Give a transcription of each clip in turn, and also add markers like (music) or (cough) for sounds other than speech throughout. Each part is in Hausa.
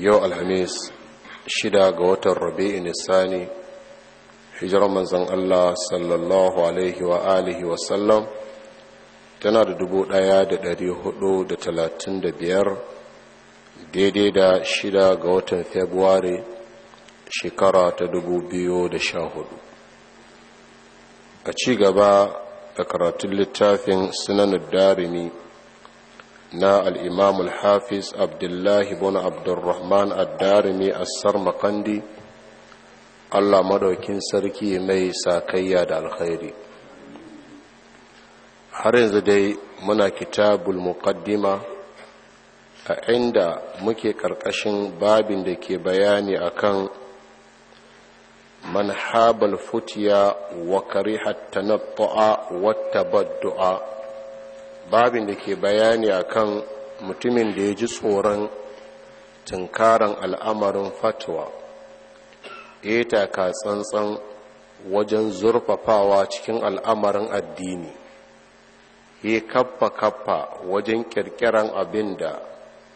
yau alhamis shida ga watan rabi'in nisani hijirar manzan Allah sallallahu alaihi wa alihi wasallam tana da dubu ɗaya da dari hudu da talatin da biyar daidai da shida ga watan februari shekara ta dubu biyu da sha hudu a ci gaba da karatun littafin sunanar darimi na al'imam al-hafiz abdullahi bin abdurrahman addarimi assar makandi allah madaukin sarki mai sakayya da alkhairi har yanzu dai muna kitabul muqaddima a inda muke ƙarƙashin babin da ke bayani akan manhabal futiya wa karihat wata wa du'a. babin da ke bayani akan mutumin da ya ji tsoron tunkaran al'amarin fatwa ya ka tsantsan wajen zurfafawa cikin al'amarin addini ya kaffa kaffa wajen kirkiran abin da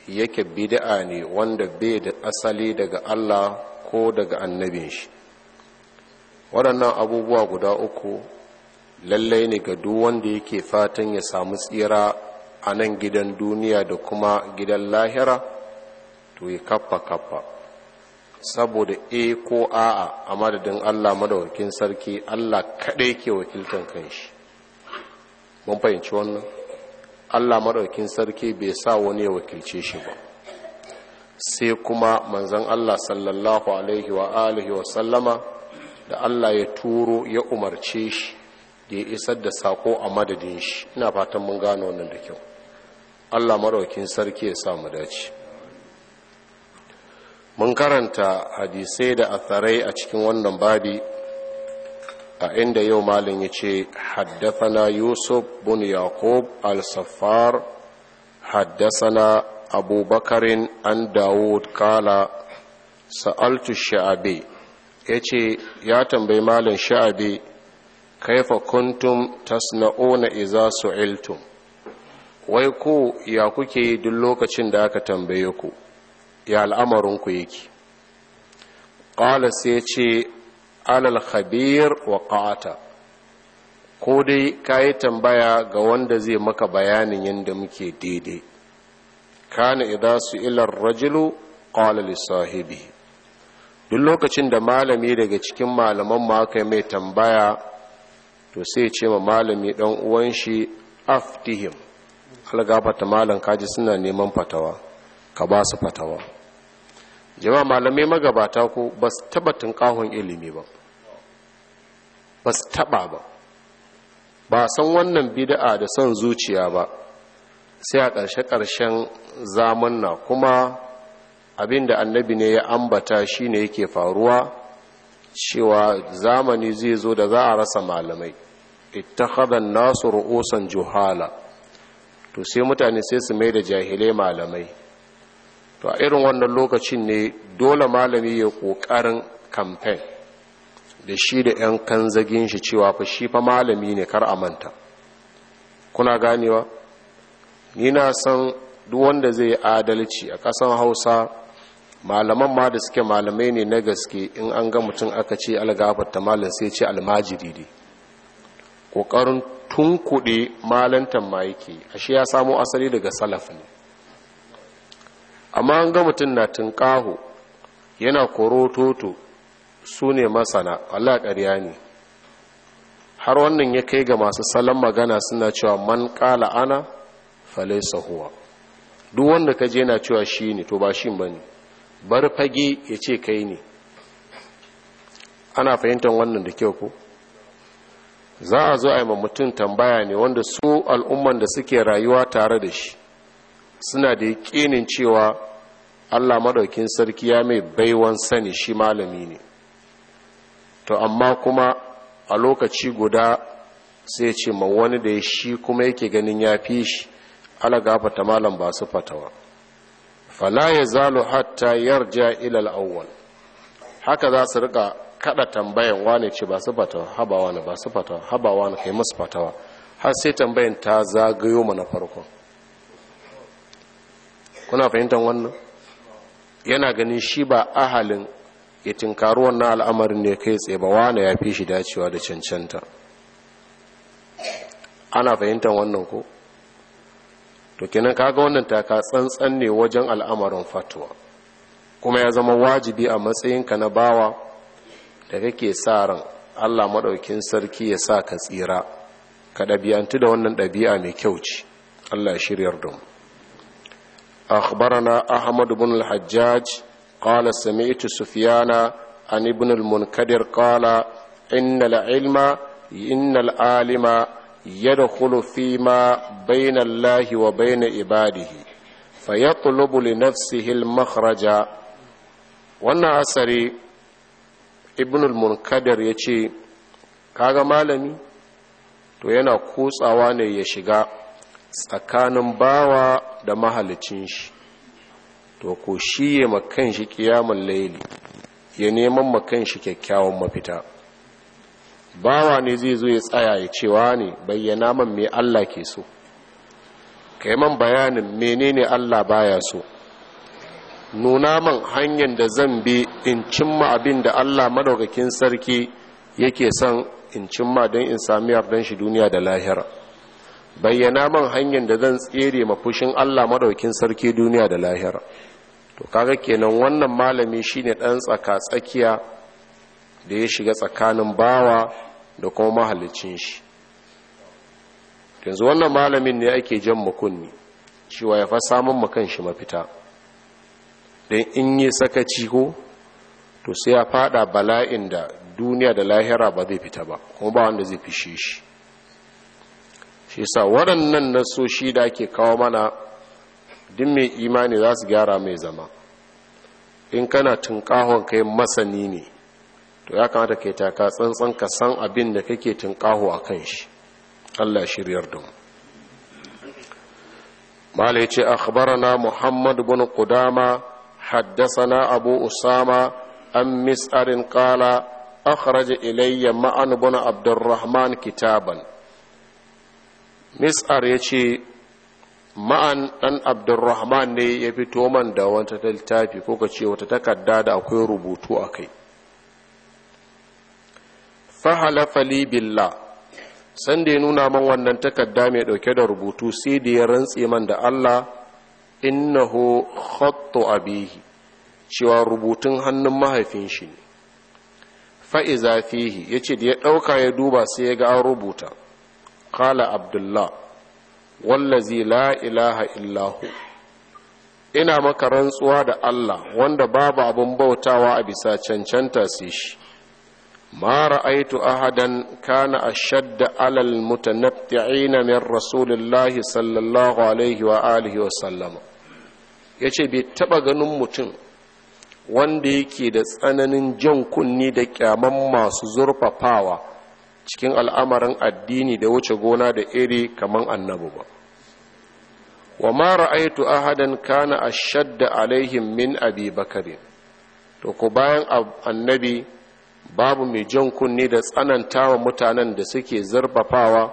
yake bid'a ne wanda bai da asali daga Allah ko daga annabin shi waɗannan abubuwa guda uku lallai ne ga duk wanda yake fatan ya samu tsira a nan gidan duniya da kuma gidan lahira to yi kaffa kaffa saboda A ko a'a a madadin allah madawakin sarki allah kaɗai ke wakiltan kanshi mun fahimci wannan allah madawakin sarki bai sa wani ya wakilce shi ba sai kuma manzan allah sallallahu alaihi wa alihi wa sallama da allah ya turo ya umarce shi da ya isar da sako a madadin shi ina fatan mun gano wannan da kyau allah maraukin sarki ya sa mu dace mun karanta hadisai da atharai a cikin wannan babi a inda yau malin ya ce haddasana yusuf bin yaqub al-saffar na abubakarin an dawud kala sa'altu sha'abi ya ce ya tambayi malin sha'abi kaifa kuntum tasna'una idza su'iltum wai ku ya kuke yi duk lokacin da aka tambaye ku ya al'amarin ku yake qala sai ce alal khabir wa qata ko dai yi tambaya ga wanda zai maka bayanin yanda muke daidai kana idza su'ila ar-rajulu qala li sahibi duk lokacin da malami daga cikin malaman mu aka mai tambaya to sai ce ma malami ɗan uwan shi aftihim algafata malam kaji suna neman fatawa ka ba su fatawa jama'a malamai magabata ku ba su taba tunkahon ilimi ba ba su taba ba ba san wannan bida'a da son zuciya ba sai a ƙarshe-ƙarshen zamanna kuma abinda annabi ne ya ambata shine yake faruwa cewa zamani zai zo da za a rasa malamai ittakhadha an-nasu ru'usan juhala to sai mutane sai su mai da jahilai malamai to a irin wannan lokacin ne dole malami ya kokarin campaign da shi da yan kanzagin shi cewa fa shi fa malami ne kar a manta kuna ganewa ni na san duk wanda zai adalci a ƙasar Hausa malaman ma da suke malamai ne na gaske in an ga mutum aka ce algafarta malam sai ce almajiri dai ƙoƙarin tunkuɗe malantan ma yake ashe ya samo asali daga salaf ne amma an ga mutum na tunƙaho yana korototo su ne masana Allah ƙarya ne har wannan ya kai ga masu salon magana suna cewa man ƙala ana falai sahuwa duk wanda ka je yana cewa shi ne to ba shi bane bar fage ya ce kai ne ana fahimtar wannan da kyau ko za a zo a yi mutum tambaya ne wanda su al'umman da suke rayuwa tare da shi suna da yaƙinin cewa allah maɗaukin sarki ya mai baiwan sani shi malami ne to amma kuma a lokaci guda sai ce ma wani da ya shi kuma yake ganin ya fi shi ala fata malam ba su fatawa fala ya zalo hatta yarja ilal awwal haka za su rika kada tambayan wane ce ba su fatawa haba wane ba su fatawa haba wane kai masu fatawa har sai tambayan ta zagayo mana farko. kuna fahimtar wannan yana ganin shi ba ahalin ya tinkaru wannan al'amarin ne kai tsaye ba wane ya fi shi dacewa da cancanta ana fahimtar wannan ko to kenan kaga wannan taka tsantsan ne wajen al'amarin fatuwa kuma ya zama wajibi a matsayinka na bawa da kake sa ran Allah maɗaukin sarki ya sa ka tsira ka ɗabi'antu da wannan ɗabi'a mai kyau ce Allah ya shiryar don. akhbarana ahmad ibn al-hajjaj qala sami'tu sufyana an ibn al-munkadir qala inna al-ilma inna al-alima yadkhulu fi ma bayna wa bayna ibadihi fayatlubu li nafsihi al-makhraja wannan asari ibnul munkadar ya ce kaga malami to yana kotsawa ne ya shiga tsakanin bawa da mahalicin shi to ko shi ya makan shi kiyamun laili ya neman makan shi kyakkyawan mafita bawa ne zai zo ya tsaya ya cewa ne bayyana man me Allah ke so kai man bayanin menene Allah baya so nuna man hanyar da zan bi in cimma abin da Allah madaukakin sarki yake son in cimma don in sami yardan shi duniya da lahira bayyana man hanyar da zan tsere ma fushin Allah madaukakin sarki duniya da lahira to kaga kenan wannan malami shine dan tsaka tsakiya da ya shiga tsakanin bawa da kuma mahallicin shi yanzu wannan malamin ne ake jan mukunni cewa ya fa samun makan shi mafita don in yi sakaci ko to sai ya fada bala'in da duniya da lahira ba zai fita ba kuma ba wanda zai fishe shi shi sa waɗannan nasoshi da ake kawo mana duk mai imani za su gyara mai zama in kana tunkahon kai masani ne to ya kamata kai taka tsantsan ka san abin da kake tunkaho a kan shi allah shiryar da mu malai ce akhbarana muhammad bin kudama. حدثنا أبو أسامة عن مسأر قال أخرج إلي معن بن عبد الرحمن كتابا مسأر يشي معن أن عبد الرحمن ne ya fito man da wata littafi ko kace wata takarda da akwai rubutu akai fahalafa li billah san da ya nuna man wannan takarda mai dauke da rubutu sai da ya rantse man da Allah innahu khattu abihi cewa rubutun hannun mahaifin shi ne fa'iza fihi ya ce da ya ɗauka ya duba sai ya ga an rubuta kala abdullah wallazi la ilaha illahu ina maka rantsuwa da allah wanda babu abin bautawa a bisa cancanta sai shi ما رأيت أحدا كان أشد على المتنبعين من رسول sallallahu alaihi wa عليه wa sallama. ya ce bai taɓa ganin mutum wanda yake da tsananin jan kunni da kyaman masu zurfafawa cikin al'amarin addini da wuce gona da iri kamar annabu ba wa ma ra'aitu ahadan kana ashadda alaihim min abi bakari to ku bayan annabi babu mai jan kunni da tsananta wa mutanen da suke zurfafawa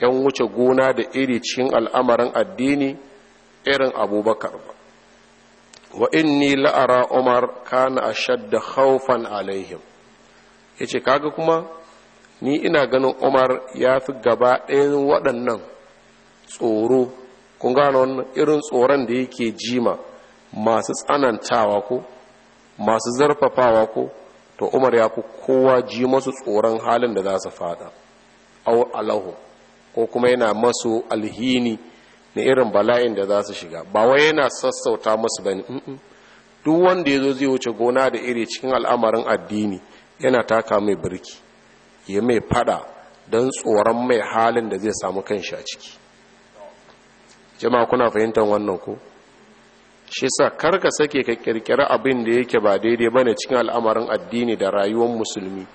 yan wuce gona da iri cikin al'amarin addini irin abubakar ba wa inni la'ara umar kana ashadda khawfan alaihim yace kaga kuma ni ina ganin umar ya fi gaba ɗayan waɗannan tsoro kun gano wannan irin tsoron da yake jima masu tsanantawa ko masu zarfafawa ko to umar ya fi kowa ji masu tsoron halin da za su fada au alahu ko kuma yana masu alhini na irin bala'in da za su shiga ba wai yana sassauta musu bane duk wanda ya zo zai wuce gona da iri cikin al'amarin addini yana taka mai birki ya mai fada don tsoron mai halin da zai samu kanshi a ciki jama'a kuna fahimtar wannan ko shi sa karka sake ka kirkira abin da yake ba daidai bane cikin al'amarin addini da rayuwar musulmi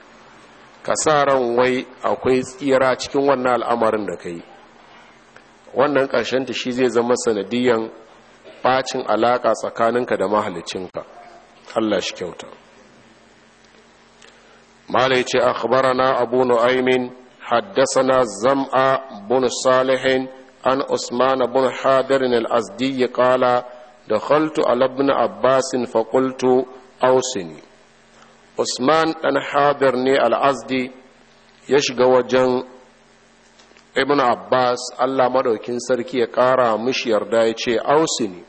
ka sa ran wai akwai tsira cikin wannan al'amarin da ka yi wannan ƙarshen ta shi zai zama sanadiyan bacin alaka tsakaninka da mahalicinka Allah shi kyauta malai ce na abu haddasa na zam'a bunu salihin an usman bin hadarin al'azdi ya kala da khaltu a abbas Abbasin qultu Ausini. usman dan hadar ne alazdi ya shiga wajen ibn abbas allah madaukin sarki ya ƙara mishi yarda ya ce ausini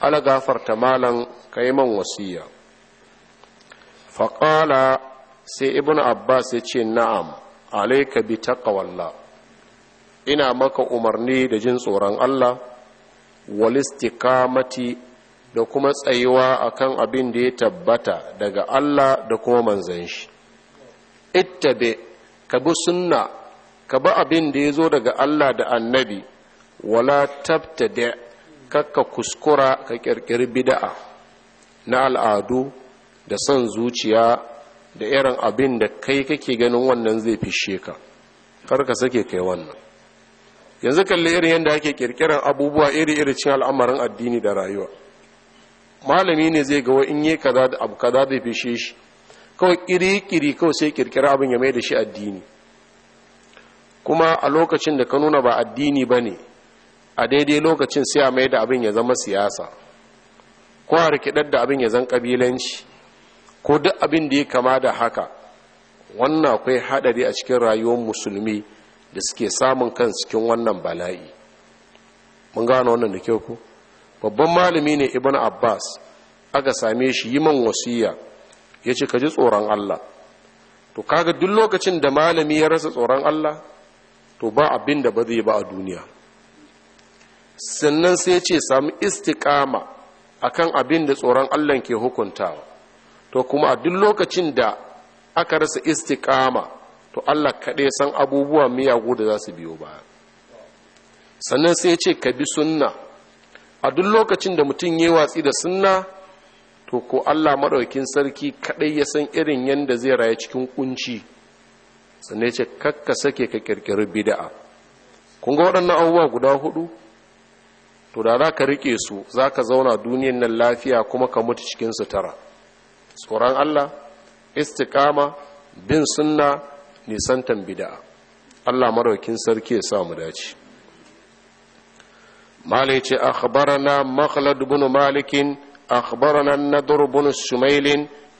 ala gafarta malan ka yi man wasiya faƙala sai ibn abbas ya ce na'am alaika bi taqwallah ina maka umarni da jin tsoron allah walistikamati da kuma tsayuwa akan abin da ya tabbata daga allah da kuma manzan shi ittabe ka bi sunna ka ba abin da ya zo daga Allah da annabi wala da kakka kuskura ka kirkiri bida'a na al'adu da son zuciya da irin abin da kai kake ganin wannan zai fishe ka kar ka sake kai wannan yanzu kalli irin yadda ake kirkiran abubuwa iri-iri cin al'amarin addini da rayuwa malami ne zai gawa in yi kaza da abu kaza zai fishe shi kawai kiri-kiri kawai sai kirkira abin ya mai da shi addini kuma a lokacin da ka nuna ba addini ba ne a daidai lokacin sai a mai da abin ya zama siyasa ko a rikidar da abin ya zan kabilanci ko duk abin da ya kama da haka wannan akwai hadari a cikin rayuwar musulmi da suke samun kan cikin wannan bala'i mun gano wannan da kyau ku babban malami ne ibn abbas aka same shi yi man wasiya ya ce ka ji tsoron allah to kaga duk lokacin da malami ya rasa tsoron allah to ba abin da ba zai ba a duniya sannan sai ce sami istikama akan abin da tsoron allah ke hukuntawa to kuma a duk lokacin da aka rasa istikama to allah kaɗai san abubuwa miyagu da za su biyo baya sannan sai ce ka bi sunna a duk lokacin da mutum ya watsi da sunna to ko allah maɗaukin sarki kaɗai ya san irin yadda zai raya cikin ƙunci. sannan ya ce kakka sake ka kirkiri bida'a kun ga waɗannan abubuwa guda hudu to da za ka riƙe su za ka zauna duniyan nan lafiya kuma ka mutu cikin tara tsoron allah istikama bin sunna nisantan bida'a allah maraukin sarki ya sa mu dace مالك أخبرنا مخلد malikin مالك أخبرنا النضر بن الشميل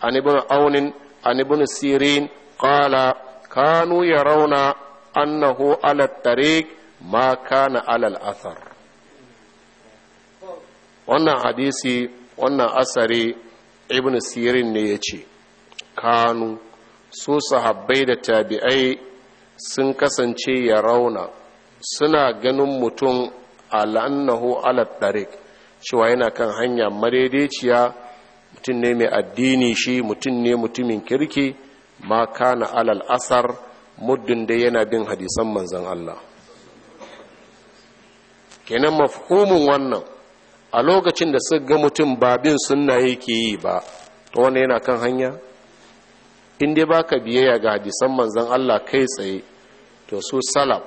عن ابن aunin عن ابن Sirin kala. kanu ya rauna annahu ala tariq ma kana alal asar. wannan hadisi wannan asari ibn sirin ne ya ce kanu su sahabbai da tabi'ai sun kasance ya rauna suna ganin mutum al'annahu ala cewa yana kan hanya madaidaiciya mutum ne mai addini shi mutum ne mutumin kirki ma kana alal asar muddin da yana bin hadisan manzan Allah kenan mafhumin wannan a lokacin da su ga mutum ba bin sunna yake yi ba to wannan yana kan hanya in dai baka biyayya ga hadisan manzan Allah kai tsaye to su salaf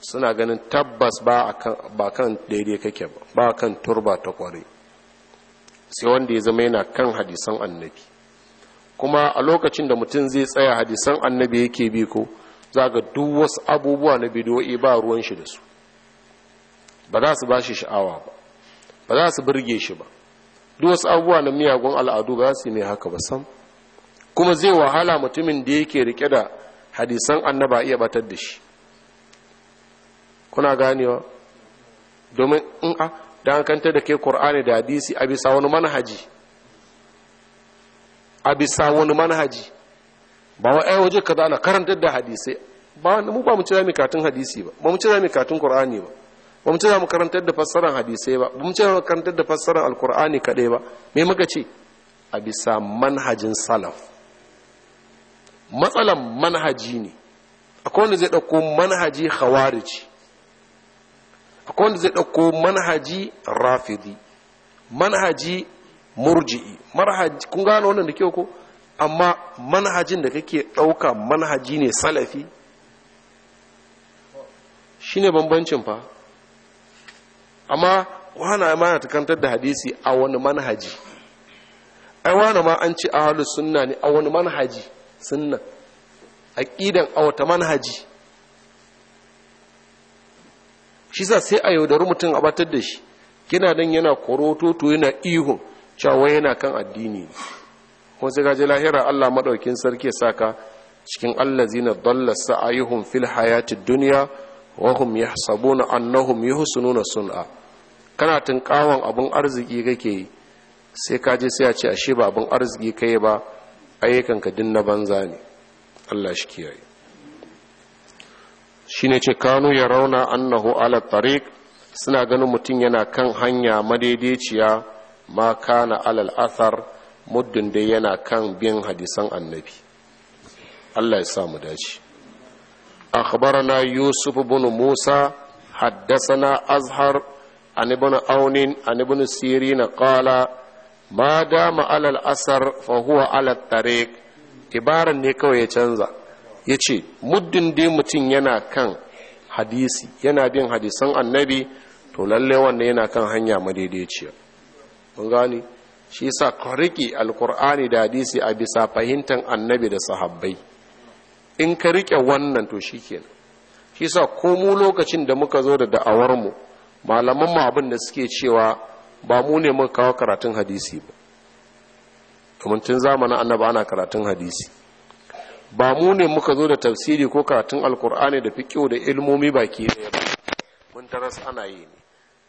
suna ganin tabbas ba kan daidai kake ba ba kan turba ta kware sai wanda ya zama yana kan hadisan annabi kuma a lokacin da mutum zai tsaya hadisan annabi yake bi ko za ga duk wasu abubuwa na bidiyoyi ba ruwan shi da su ba za su ba shi sha'awa ba ba za su birge shi ba duk wasu abubuwa na miyagun al'adu ba za su yi mai haka ba sam kuma zai wahala mutumin da yake rike da hadisan annaba iya batar da shi kuna ganewa domin in a ah, da da ke Kur'ani da hadisi a bisa wani manhaji a bisa wani manhaji ba wa ai waje kaza ana karanta da hadisai ba mu ba mu ci zamu katun hadisi ba ba mu ci zamu katun qur'ani ba ba mu ci mu karanta da fassarar hadisai ba ba mu ci mu karanta da fassarar alqur'ani kadai ba me muka ce a bisa manhajin salaf matsalan manhaji ne akwai wanda zai dauko manhaji khawarij akwai wanda zai dauko manhaji rafidi manhaji murji'i marhaji, kun gano wannan da kyau ko amma manhajin da kake ɗauka manhaji ne salafi shine bambancin fa amma wani ma ta kantar da hadisi a wani manhaji ai wani ma an ce ahalu sunna ne a wani manhaji sunna aqidan a wata manhaji shi sai a yaudari mutum a batar da shi kina dan yana koroto to yana ihun cewa wai yana kan addini kuma sai gaji lahira Allah maɗaukin sarki saka cikin allazina dalla sa'ayuhum fil hayatid dunya wa hum yahsabuna annahum yuhsinuna sun'a kana tunkawan abun arziki kake yi sai ka je sai a ce ashe ba abun arziki kai ba ayyukan ka dinna banza ne Allah shi kiyaye shine ce kanu ya rauna annahu ala tariq suna ganin mutum yana kan hanya madaidaiciya ma kana alal athar muddin dai yana kan bin hadisan annabi Allah ya samu dace akhbarana yusuf ibn musa haddathana azhar an ibn aunin an ibn sirin qala ma dama alal asar fa huwa ala tariq ibaran ne kawai ya canza yace muddin dai mutum yana kan hadisi yana bin hadisan annabi to lalle wannan yana kan hanya madaidaiciya mun gani shi sa ka riƙe alkur'ani da hadisi a bisa fahimtar annabi da sahabbai in ka riƙe wannan to shi kenan shi sa ko mu lokacin da muka zo da da'awarmu malaman mu abin da suke cewa ba mu ne muka kawo karatun hadisi ba domin tun zamanin annabi ana karatun hadisi ba mu ne muka zo da tafsiri ko karatun alkur'ani da fiƙo da ilmomi baki ɗaya ba mun taras ana yi ne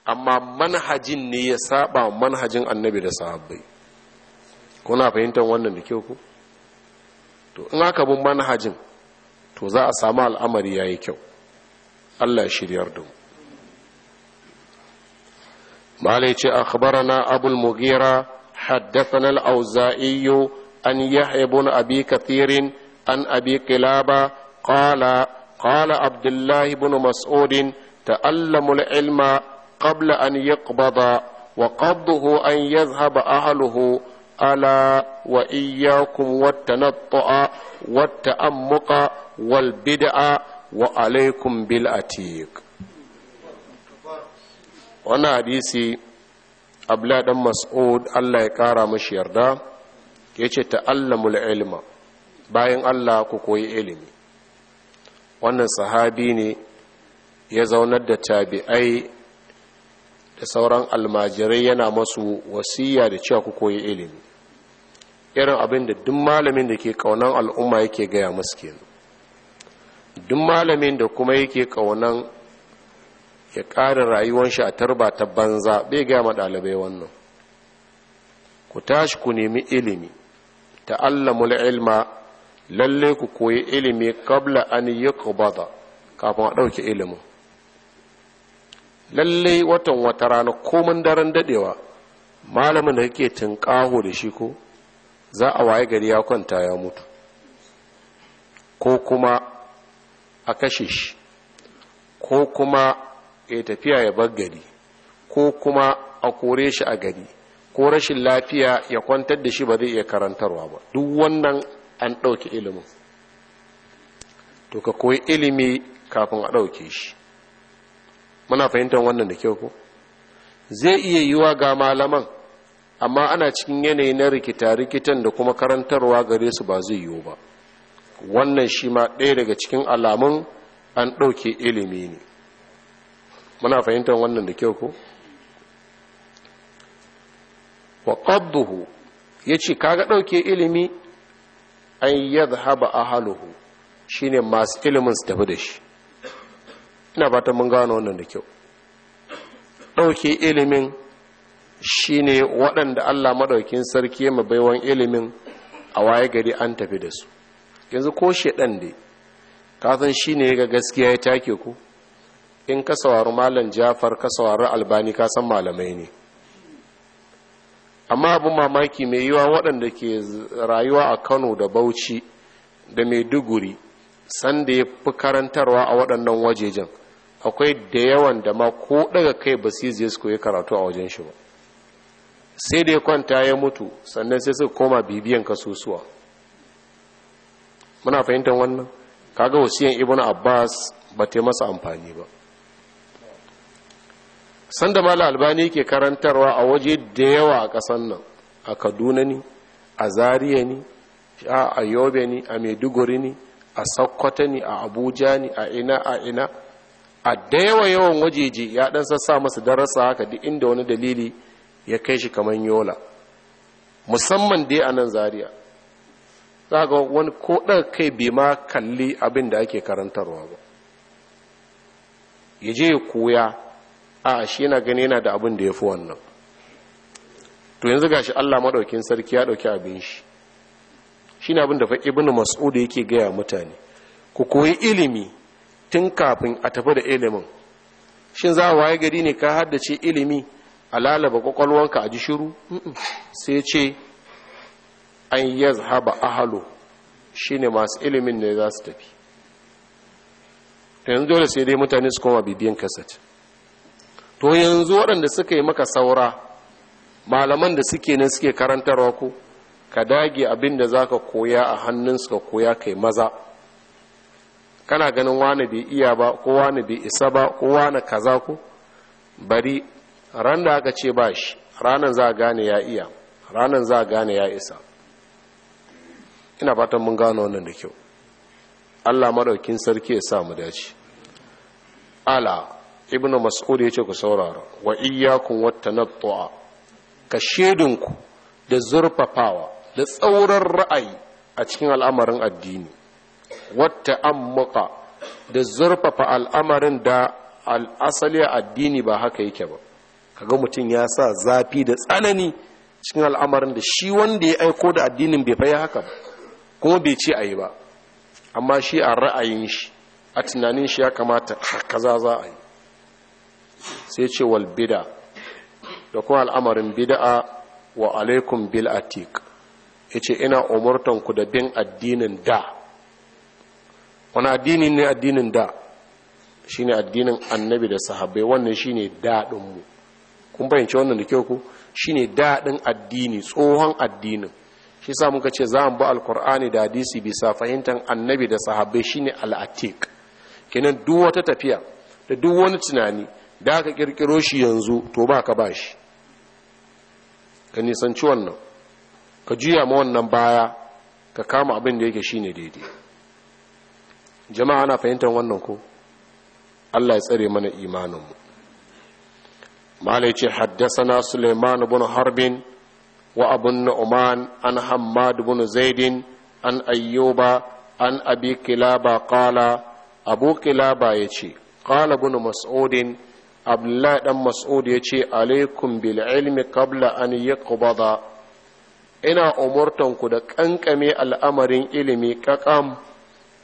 amma manhajin ne ya saba manhajin annabi da sahabbai kuna fahimtar wannan da kyau ku to in aka bin manhajin to za a samu al'amari ya yi kyau allah ya shiryar da mu malai ce akhbarana abul mugira حدثنا الأوزائي أن يحيى بن أبي كثير عن أبي قلابة قال قال عبد الله بن مسعود تألموا ilma قبل أن يقبض وقبضه أن يذهب أهله ألا وإياكم والتنطع والتأمق والبدع وعليكم بالأتيق وانا حديثي أبلا دم مسعود الله يكارا مشير دا يجي تألم العلم باين الله كوكوي علم وانا صحابيني ne ya zaunar da tabi'ai da sauran almajirai yana masu wasiya da cewa ku koyi ilimi irin abin da duk malamin da ke kaunan al'umma yake gaya musu kenan duk malamin da kuma yake kaunan ya ƙara rayuwar shi a tarba ta banza bai gaya ma ɗalibai wannan ku tashi ku nemi ilimi ta'allamul ilma lalle ku koyi ilimi kabla an yi kafin a ɗauke ilimin lallai watan wata rana komin daren dadewa malamin da kake tunƙaho da shi ko za a waye gari ya kwanta ya mutu ko kuma a kashe shi ko kuma ya tafiya ya bar gari ko kuma a kore shi a gari ko rashin lafiya ya kwantar da shi ba zai iya karantarwa ba duk wannan an ɗauki ilimin to ka koyi ilimi kafin a ɗauke shi muna fahimtar wannan da kyau ko zai iya yiwa ga malaman amma ana cikin yanayi na rikita-rikitan da kuma karantarwa gare su ba zai yiwu ba wannan shi ma ɗaya daga cikin alamun an ɗauke ilimi ne muna fahimtar wannan da kyau ko wa ya yace kaga ɗauke ilimi an haluhu shi shine masu ilimin su tafi da shi ina fata mun gano wannan da kyau ɗauke ilimin shine waɗanda allah maɗaukin sarki ya baiwan ilimin a waye gari an tafi da su yanzu ko shaɗan dai kasan shi ne ga gaskiya ya take ku in ka saurari malam jafar ka saurari albani ka san malamai ne amma abin mamaki mai yiwa waɗanda ke rayuwa a kano da bauchi da maiduguri sanda ya fi karantarwa a waɗannan wajejen akwai da yawan da ma ko daga kai ba su yi su koyi karatu a wajen shi ba sai da ya kwanta ya mutu sannan sai suka koma bibiyan kasusuwa muna fahimtar wannan kaga wasiyan ibn abbas ba ta masa amfani ba sanda mala albani ke karantarwa a waje da yawa a kasan nan a kaduna ni a zariya ni a yobe ni a maiduguri ni a sakkwata ni a abuja ni a ina a ina a da yawa yawan wajeje ya dan sassa masa darasa haka duk inda wani dalili ya kai shi kamar yola musamman dai a nan zaria za ga wani ko ɗan kai bai ma kalli abin da ake karantarwa ba ya je ya koya a shi yana gani yana da abin da ya fi wannan to yanzu gashi allah maɗaukin sarki ya ɗauki abin shi shi ne abin da fa ibn mas'ud yake gaya mutane ku koyi ilimi tun kafin a tafi da ilimin shin za a waye gari ne ka haddace ilimi a lalaba kwakwalwanka a ji shiru sai ce an yazhaba ahalo shine masu ilimin ne za su tafi yanzu dole sai dai mutane su koma bibiyan kasat to yanzu waɗanda suka yi maka saura malaman da suke nan suke karantarwa ko ka dage abin da za ka koya a hannun suka koya kai maza kana ganin wani bai iya ba ko wani bai isa ba ko wani kaza ku. bari ran da aka ce ba shi ranar za a gane ya iya ranar za a gane ya isa ina fatan mun gano wannan da kyau Allah maɗaukin sarki ya sa mu dace ala ibnu mas'ud ya ce ku saurara wa iyakun na wattanattu'a ka shedinku da zurfafawa da tsauran ra'ayi a cikin al'amarin addini wata ammuka da zurfafa al'amarin da al'asali addini ba haka yake ba kaga mutum ya sa zafi da tsanani cikin al'amarin da shi wanda ya aiko da addinin bai faya haka ba kuma bai ce a yi ba amma shi a ra'ayin shi a tunanin shi ya kamata kaza za a yi sai ce wal bida da kuma al'amarin bida'a wa alaikum bil atik ya ce ina umurtanku da bin addinin da wani addini ne addinin da shi ne addinin annabi da sahabbai wannan shi ne daɗinmu kun fahimci wannan da kyau ku shi ne daɗin addini tsohon addinin shi sa muka ce za mu ba alkur'ani da hadisi bisa fahimtar annabi da sahabbai ne al'atik kenan duk wata tafiya da duk wani tunani da aka ƙirƙiro shi yanzu to ba ka ba shi ka nisanci wannan ka juya ma wannan baya ka kama abin da yake ne daidai jama'a na fahimtar wannan ko Allah ya tsare mana imaninmu malai ce haddasana suleiman bin harbin wa abun na'uman an hammad bin zaidin an ayyuba an abi kilaba kala abu kilaba ce kala bin mas'udin abdullahi dan mas'ud ya ce alaikum bil ilmi qabla an yaqbada ina umurtanku da kankame al'amarin ilimi kakam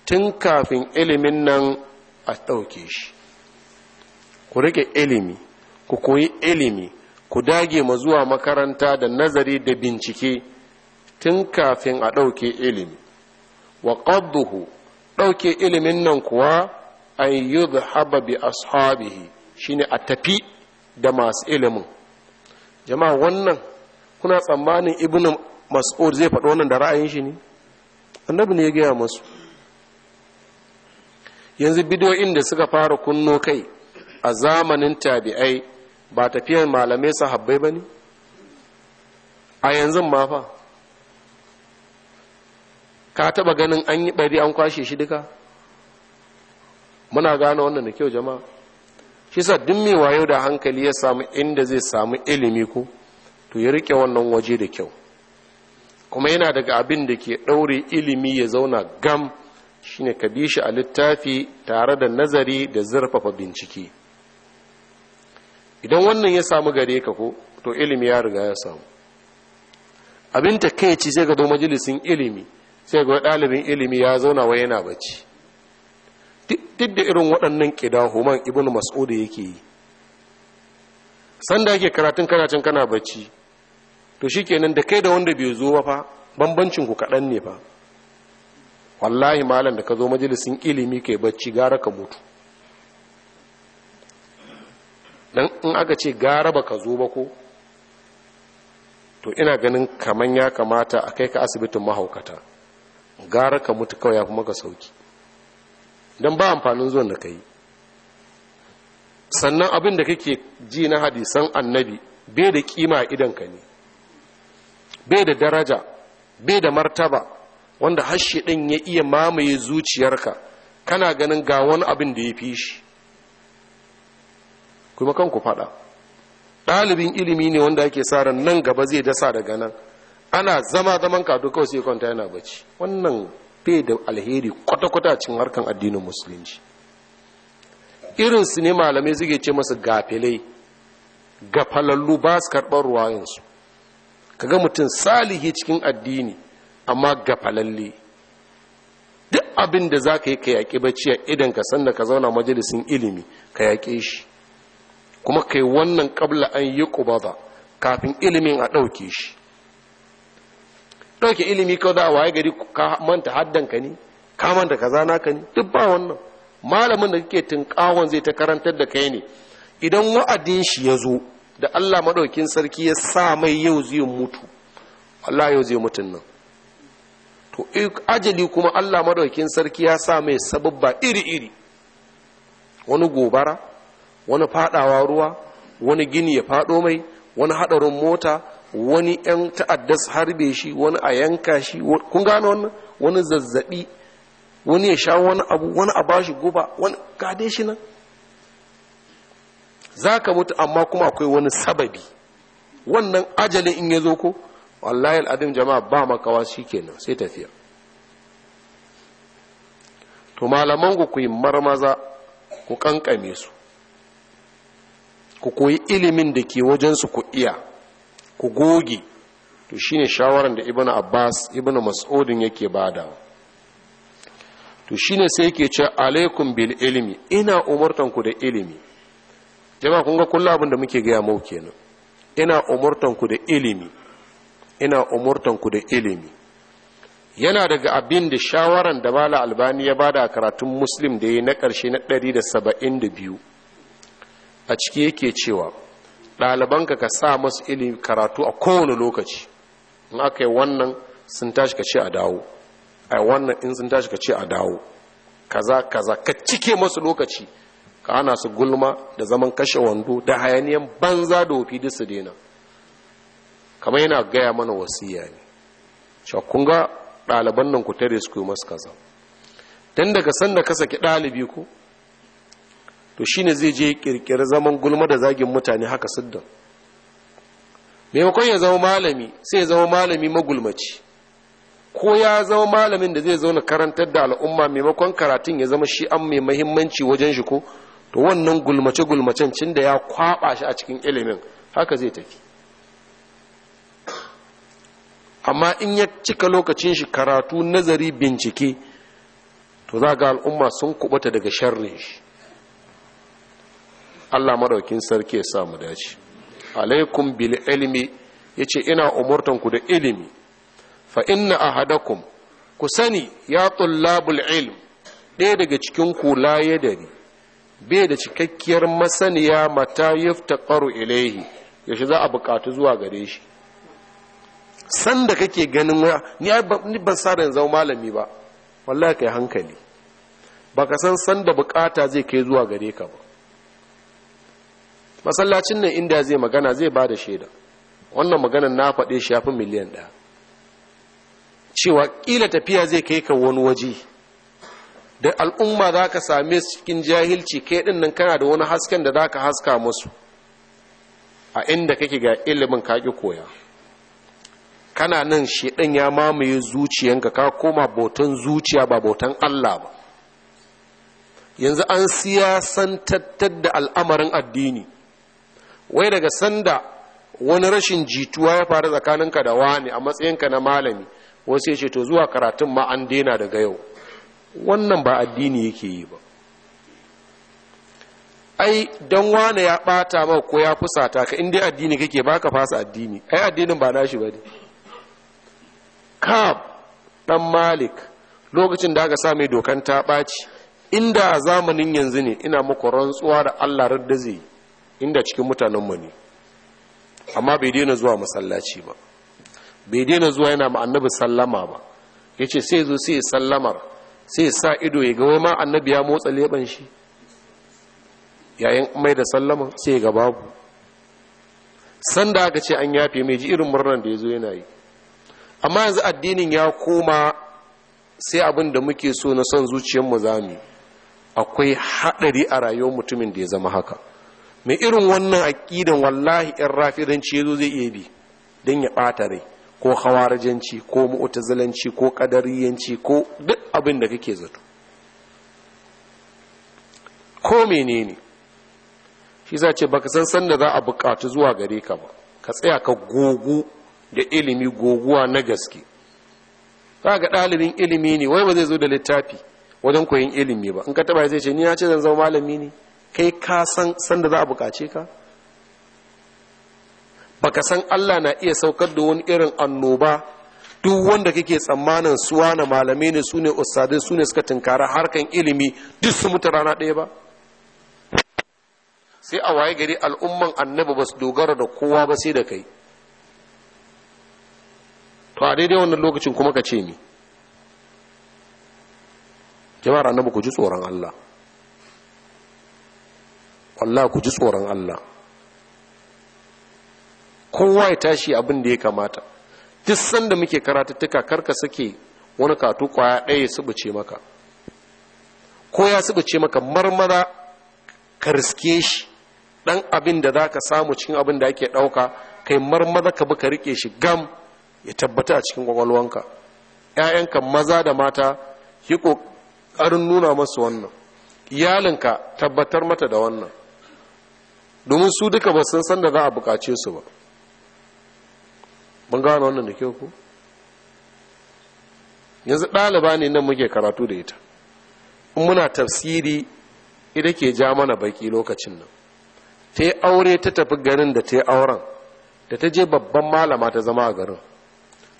tun kafin ilimin nan a ɗauke shi ku rike ilimi ku koyi ilimi ku dage ma zuwa makaranta da nazari da bincike tun kafin a ɗauke ilimi wa ƙadduhu ɗauke ilimin nan kuwa an yi bi ashabihi shine a tafi da masu ilimin jama'a wannan kuna tsammanin Ibnu mas'ud zai faɗo nan da ra'ayin shi ne annabi ne ya gaya masu yanzu bidiyoyin da suka fara kunno kai a zamanin tabi'ai ba tafiyar malamai sahabbai ba ne a yanzu ma fa ka taba ganin an yi bari an kwashe shi duka muna gane wannan da kyau jama'a shi sa duk mai wayo da hankali ya samu inda zai samu ilimi ko to ya rike wannan waje da kyau kuma yana daga abin da ke ɗaure ilimi ya zauna gam shine ka bi shi a littafi tare da nazari da zurfafa bincike idan wannan ya samu gare ka ko to ilimi ya riga ya samu abin ta kai ci sai ga zo majalisin ilimi sai ga ɗalibin ilimi ya zauna wa yana bacci duk da irin waɗannan homan ibn mas'ud yake yi sanda yake karatun karatun kana bacci to shikenan da kai da wanda bai zo ba fa bambancin ku kaɗan ne fa wallahi malam da ka zo majalisin ilimi kai bacci gara ka mutu don in aka ce gara ba ka zo ba ko to ina ganin kaman ya kamata a kai ka asibitin mahaukata gara ka mutu kawai ya fi maka sauki don ba amfanin zuwan da ka yi sannan abin da kake ji na hadisan annabi bai da kima a ka ne bai da daraja bai da martaba wanda hashe ɗin ya iya mamaye zuciyarka kana ganin ga wani abin da ya fi shi kuma kanku faɗa ɗalibin ilimi ne wanda ake sa ran nan gaba zai dasa daga nan ana zama zaman kado kawai sai kwanta yana bacci wannan bai da alheri kwata-kwata cikin harkan addinin musulunci irin su ne malamai suke ce masu gafilai Ga falallu ba su karɓar ruwayensu ga mutum salihi cikin addini amma ga falalle duk abin da za ka yi ka yaƙi a idan ka sanda ka zauna majalisin ilimi ka yaƙe shi kuma ka yi wannan ƙabla an yi ƙubaba kafin ilimin a ɗauke shi ɗauke ilimi kawai da waye gari ka manta haddanka ne ka manta kaza ka ne duk ba wannan malamin da kake tunƙawon zai ta karantar da kai ne idan wa'adin shi ya zo da Allah maɗaukin sarki ya sa mai yau zai mutu Allah yau zai mutun nan to ajali kuma allah madaukin sarki ya sa mai sababba iri-iri wani gobara wani fadawa ruwa wani gini ya fado mai wani hadarin mota wani yan ta'addas harbe shi wani a yanka shi kun gano wannan wani zazzabi wani ya sha wani abu wani a bashi guba wani gade shi nan za ka mutu amma kuma akwai wani sababi wannan ajalin in ya zo ko wallahi al'adun jama'a ba makawa kenan sai tafiya to malaman ku yi marmaza ku kankame su ku koyi ilimin da ke wajensu ku iya ku goge to shine shawaran da ibnu abbas ibnu mas'udin yake badawa to shine sai yake ce alaikum bil ilimi ina umartanku da ilimi jama'a kun ga kullu abin da muke gaya mau kenan ina umartanku da ilimi ina umurtanku da ilimi yana daga abin da shawaran da bala albani ya bada a karatun muslim da ya na ƙarshe na 172 a ciki yake cewa ɗalibanka ka sa masu ilimi karatu a kowane lokaci in aka yi wannan sun tashi ka ce a dawo a wannan in sun tashi ka ce a dawo kaza kaza ka cike masu lokaci ka ana su gulma da zaman kashe wando da hayaniyan banza da wofi duk su daina kamar yana gaya mana wasiya ne shakunga ga ɗaliban nan ku tare su ku masu kaza don daga sanda ka saki ɗalibi ku to shine zai je kirkiri zaman gulma da zagin mutane haka siddan maimakon ya zama malami sai ya zama malami magulmaci ko ya zama malamin da zai zauna karantar da al'umma maimakon karatun ya zama shi an mai mahimmanci wajen shi ko to wannan gulmace-gulmacen cinda ya kwaba shi a cikin ilimin haka zai tafi amma in ya cika lokacin shi karatu nazari bincike to za ga al'umma sun kubuta daga sharrin shi Allah madaukin sarki ya samu dace alaikum bil ilmi yace ina umurtan ku da ilimi fa inna ahadakum ku sani ya tullabul ilm ɗaya daga cikin kula ya dari. bai da cikakkiyar masaniya mata yaftaqaru ilaihi yaushe za a bukatu zuwa gare shi sanda kake ganin wa ni ni ban sa da malami ba wallahi kai hankali baka san sanda bukata zai kai zuwa gare ka ba masallacin nan inda zai magana zai ba da shaida wannan maganar na faɗe shi yafi miliyan ɗaya cewa ƙila tafiya zai kai ka wani waje da al'umma za ka same su cikin jahilci kai ɗin nan kana da wani hasken da za ka haska musu a inda kake ga ilimin kaƙi koya kana nan shi ɗin ya mamaye zuciyanka ka koma bautan zuciya ba bautan Allah ba yanzu an siyasantattar da al'amarin addini wai daga sanda wani rashin jituwa ya faru tsakaninka da wani a matsayinka na malami wasu ya ce to zuwa karatun ma an daina daga yau wannan ba addini yake yi ba ai don wani ya ɓata ma ko ya fusata ka inda addini kake baka fasa addini ai addinin ba nashi ba ne. kab dan malik lokacin da aka sa mai dokan ta ɓaci inda a zamanin yanzu ne ina muku rantsuwa da allah radda inda cikin mutanenmu ne amma bai daina zuwa masallaci ba bai daina zuwa yana ma annabi sallama ba ya ce sai zo sai sallamar sai sa ido ya gawa ma annabi ya motsa leban shi yayin mai da sallama sai ga babu sanda aka ce an yafe mai ji irin murnar da ya zo yana yi amma yanzu addinin ya koma sai abin da muke so na son zuciyarmu zami akwai haɗari a rayuwar mutumin da ya zama haka mai irin wannan aƙidan wallahi ‘yan rafidanci ya zai iya bi don ya ɓata rai ko hawarajanci ko mu'tazilanci ko ƙadariyanci ko duk abin da kake zato ko mene ne? shi za ce baka san sanda za a buƙatu zuwa gare ka ba ka tsaya ka gugu. da ilimi goguwa na gaske ga ɗalibin ilimi ne wai ba zai zo da littafi wajen koyin ilimi ba in ka taba zai ce ni ya ce zan zama malami ne kai ka san sanda za a buƙace ka baka san Allah na iya saukar da wani irin annoba duk wanda kake tsammanin suwa na malamai ne su ne ustadai su ne suka tunkara harkan ilimi duk su mutu rana ɗaya ba sai a waye gari al'umman annabi ba su dogara da kowa ba sai da kai to a daidai wannan lokacin kuma ka ce ni jama'ar annabi ku ji tsoron Allah Allah ku ji tsoron Allah kowa ya tashi abin da ya kamata duk sanda muke kar karka sake wani katu kwaya ɗaya ya subuce maka ko ya subuce maka marmara ka shi Dan abin da za ka samu cikin abin da ake ɗauka kai marmara ka bi ka riƙe shi gam ya tabbata a cikin kwakwalwanka ‘ya'yanka maza da mata yi ƙoƙarin nuna masu wannan iyalinka tabbatar mata da wannan domin su duka ba sun san da za a buƙace su ba mun gane wannan da kyau ku yanzu ɗaliba ne nan muke karatu da ita in muna tafsiri ita ke ja mana baki lokacin nan ta yi aure ta tafi garin da ta yi auren da ta je babban malama ta zama a garin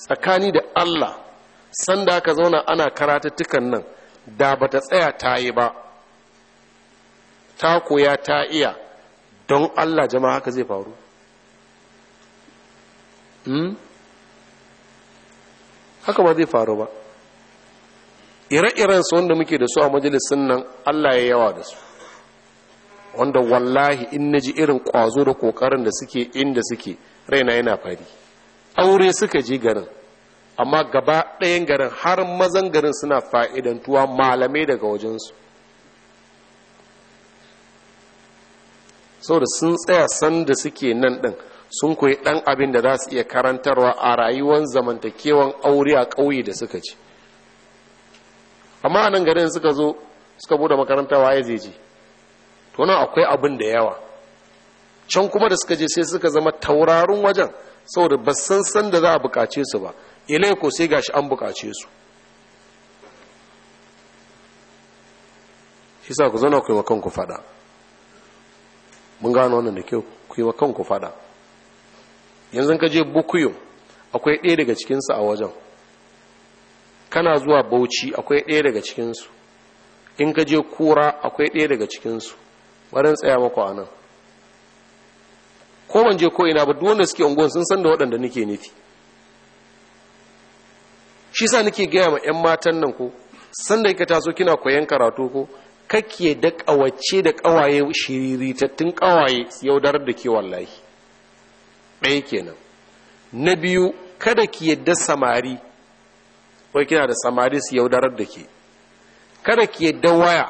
tsakani da Allah sanda ka zauna ana karatattukan nan da bata tsaya ta yi ba ta koya ta iya don Allah jama'a haka zai faru hmm? haka ba zai faru ba ire-iren su wanda muke da su a majalisun nan Allah ya yawa da su wanda wallahi in naji irin kwazo da kokarin da suke inda suke raina yana fari aure suka je garin amma gaba ɗayan garin har mazan garin suna fa'idantuwa malamai daga wajensu saboda sun tsaya sanda suke nan ɗin sun koyi ɗan abin da za su iya karantarwa a rayuwar zamantakewan aure a ƙauye da suka ci amma a nan garin suka zo suka bude makaranta waye zai ji to nan akwai abin da yawa can kuma da suka je sai suka zama taurarin wajen saboda ba san san da za a bukace su ba ilai ko sai gashi an bukace su shi sa ku zana ku yi kanku fada mun gano wannan da ke ku yi kanku fada yanzu ka je bukuyo akwai ɗaya daga cikinsu a wajen kana zuwa bauchi akwai ɗaya daga cikinsu in ka je kura akwai ɗaya daga cikinsu warin tsaya mako a nan ko ban je ko ina ba duk wanda suke unguwan sun san da waɗanda nake nufi shi sa nake gaya ma 'yan matan nan ko sanda ka taso kina koyan karatu ko kake da ƙawace da ƙawaye shiriritattun kawaye yaudar da ke wallahi ɗaya kenan na biyu kada ki yadda samari wai kina da samari su yaudar da ke kada ki yadda waya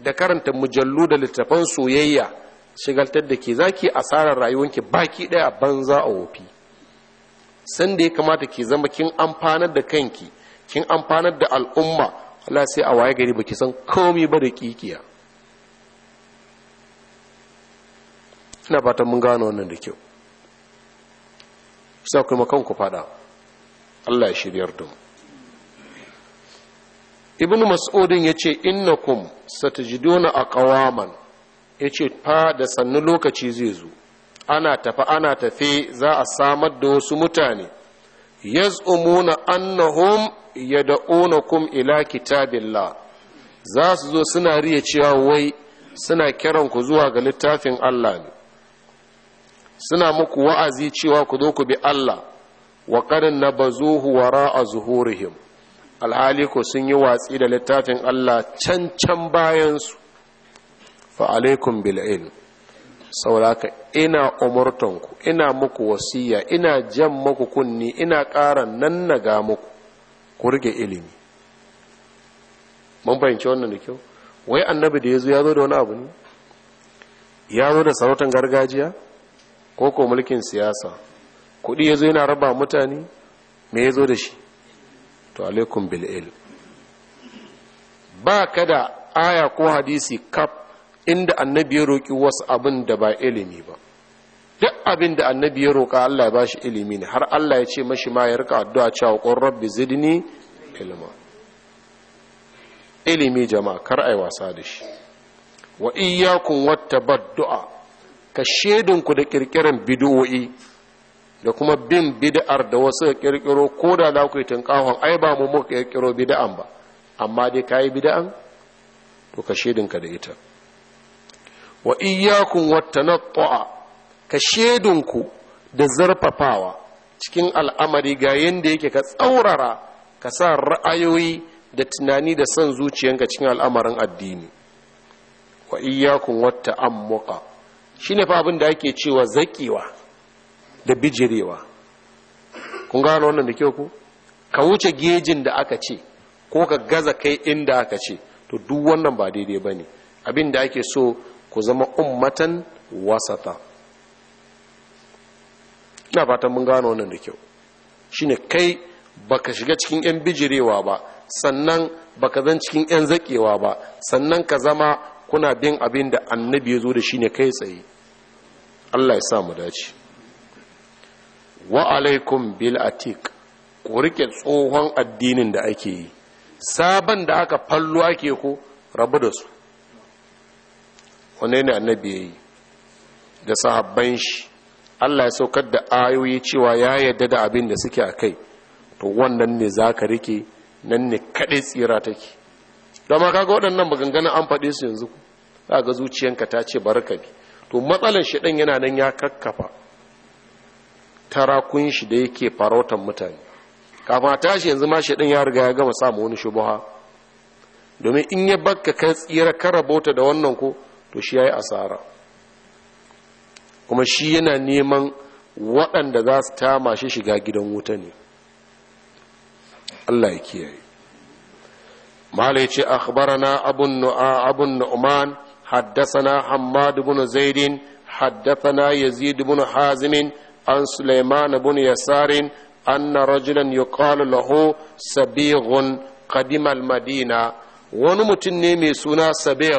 da karanta mujallu da littafan soyayya shigaltar da ke zaki asarar rayuwanki baki daya banza a wofi sanda ya kamata ke zama kin amfanar da kanki kin amfanar da al'umma Allah sai a waye gari baki san komai ba da kikiya ina fatan mun gano wannan da kyau sai kuma kanku fada Allah ya shiryar da mu ibnu mas'udin yace innakum satajiduna aqwaman ya ce fa da sannu lokaci zai zo ana tafi ana tafe za a samar da wasu mutane ya yaz'umuna annahum kum, ila kitabillah za su zo suna riya cewa wai suna kiran ku zuwa ga littafin Allah ne suna muku wa'azi cewa ku zo ku bi Allah wa qad nabazuhu a zuhurihim alhali ku sun yi watsi da littafin Allah can can bayan su fa alaikum bil ilm sauraka ina umurtanku ina muku wasiya ina jan muku kunni ina ƙara nan na ga muku ku rige ilimi mun fahimci wannan da kyau wai annabi da ya zo ya zo da wani abu ne ya zo da sarautar gargajiya ko ko mulkin siyasa kuɗi ya zo yana raba mutane me ya zo da shi to alaikum bil ilm ba kada aya ko hadisi kap. inda annabi ya roƙi wasu abin da ba ilimi ba duk abin da annabi ya roƙa Allah ya bashi ilimi ne har Allah ya ce mashi ma ya rika addu'a cewa qur rabbi zidni ilma ilimi jama'a kar ai wasa da shi wa iyyakum baddu'a ka shedin ku da kirkiran bid'o'i da kuma bin bid'ar da wasu kirkiro ko da za ku yi tunkahon ai ba mu muka kirkiro bid'an ba amma dai kayi bid'an to ka shedin da ita wa iyakun wattanattu'a ka shedunku da zarfafawa cikin al'amari ga yadda yake ka tsaurara ka sa ra'ayoyi da tunani da son zuciyanka cikin al'amarin addini wa iyakun watta'ammuqa shi fa abin da ake cewa zaƙewa da bijirewa kun gano wannan da kyau ku ka wuce gejin da aka ce ko ka gaza kai inda aka ce to duk wannan ba daidai ba ne abin da ake so ku zama ummatan wasata ina fatan mun gano wannan da kyau shine kai baka shiga cikin yan bijirewa ba sannan baka zan cikin yan zakewa ba sannan ka zama kuna bin abin da annabi ya zo da shine kai tsaye Allah ya sa mu dace wa alaikum bil atik ku rike tsohon addinin da ake yi sabon da aka fallo ake ko rabu da su wane ne annabi ya yi da sahabban shi allah ya saukar da ayoyi cewa ya yadda da abin da suke a kai to wannan ne za ka rike nan ne kaɗai tsira take dama kaga waɗannan maganganun an faɗe su yanzu za ga zuciyanka ta ce barka bi to matsalan shi ɗan yana nan ya kakkafa tarakun shi da yake farautan mutane kafin a tashi yanzu ma shi ɗan ya riga ya gama samu wani shubuha domin in ya bakka kai tsira ka rabota da wannan ko to shi ya yi asara kuma shi yana neman waɗanda za su tama shi shiga gidan wuta ne allah ya kiyaye malai ce a na abun nu'man haddasana hamad bin zaidin haddasana yazid bin hazimin an suleiman bin yasarin anna rajulan yuqalu lahu sabighun qadim kadimal madina wani mutum ne mai suna sabigh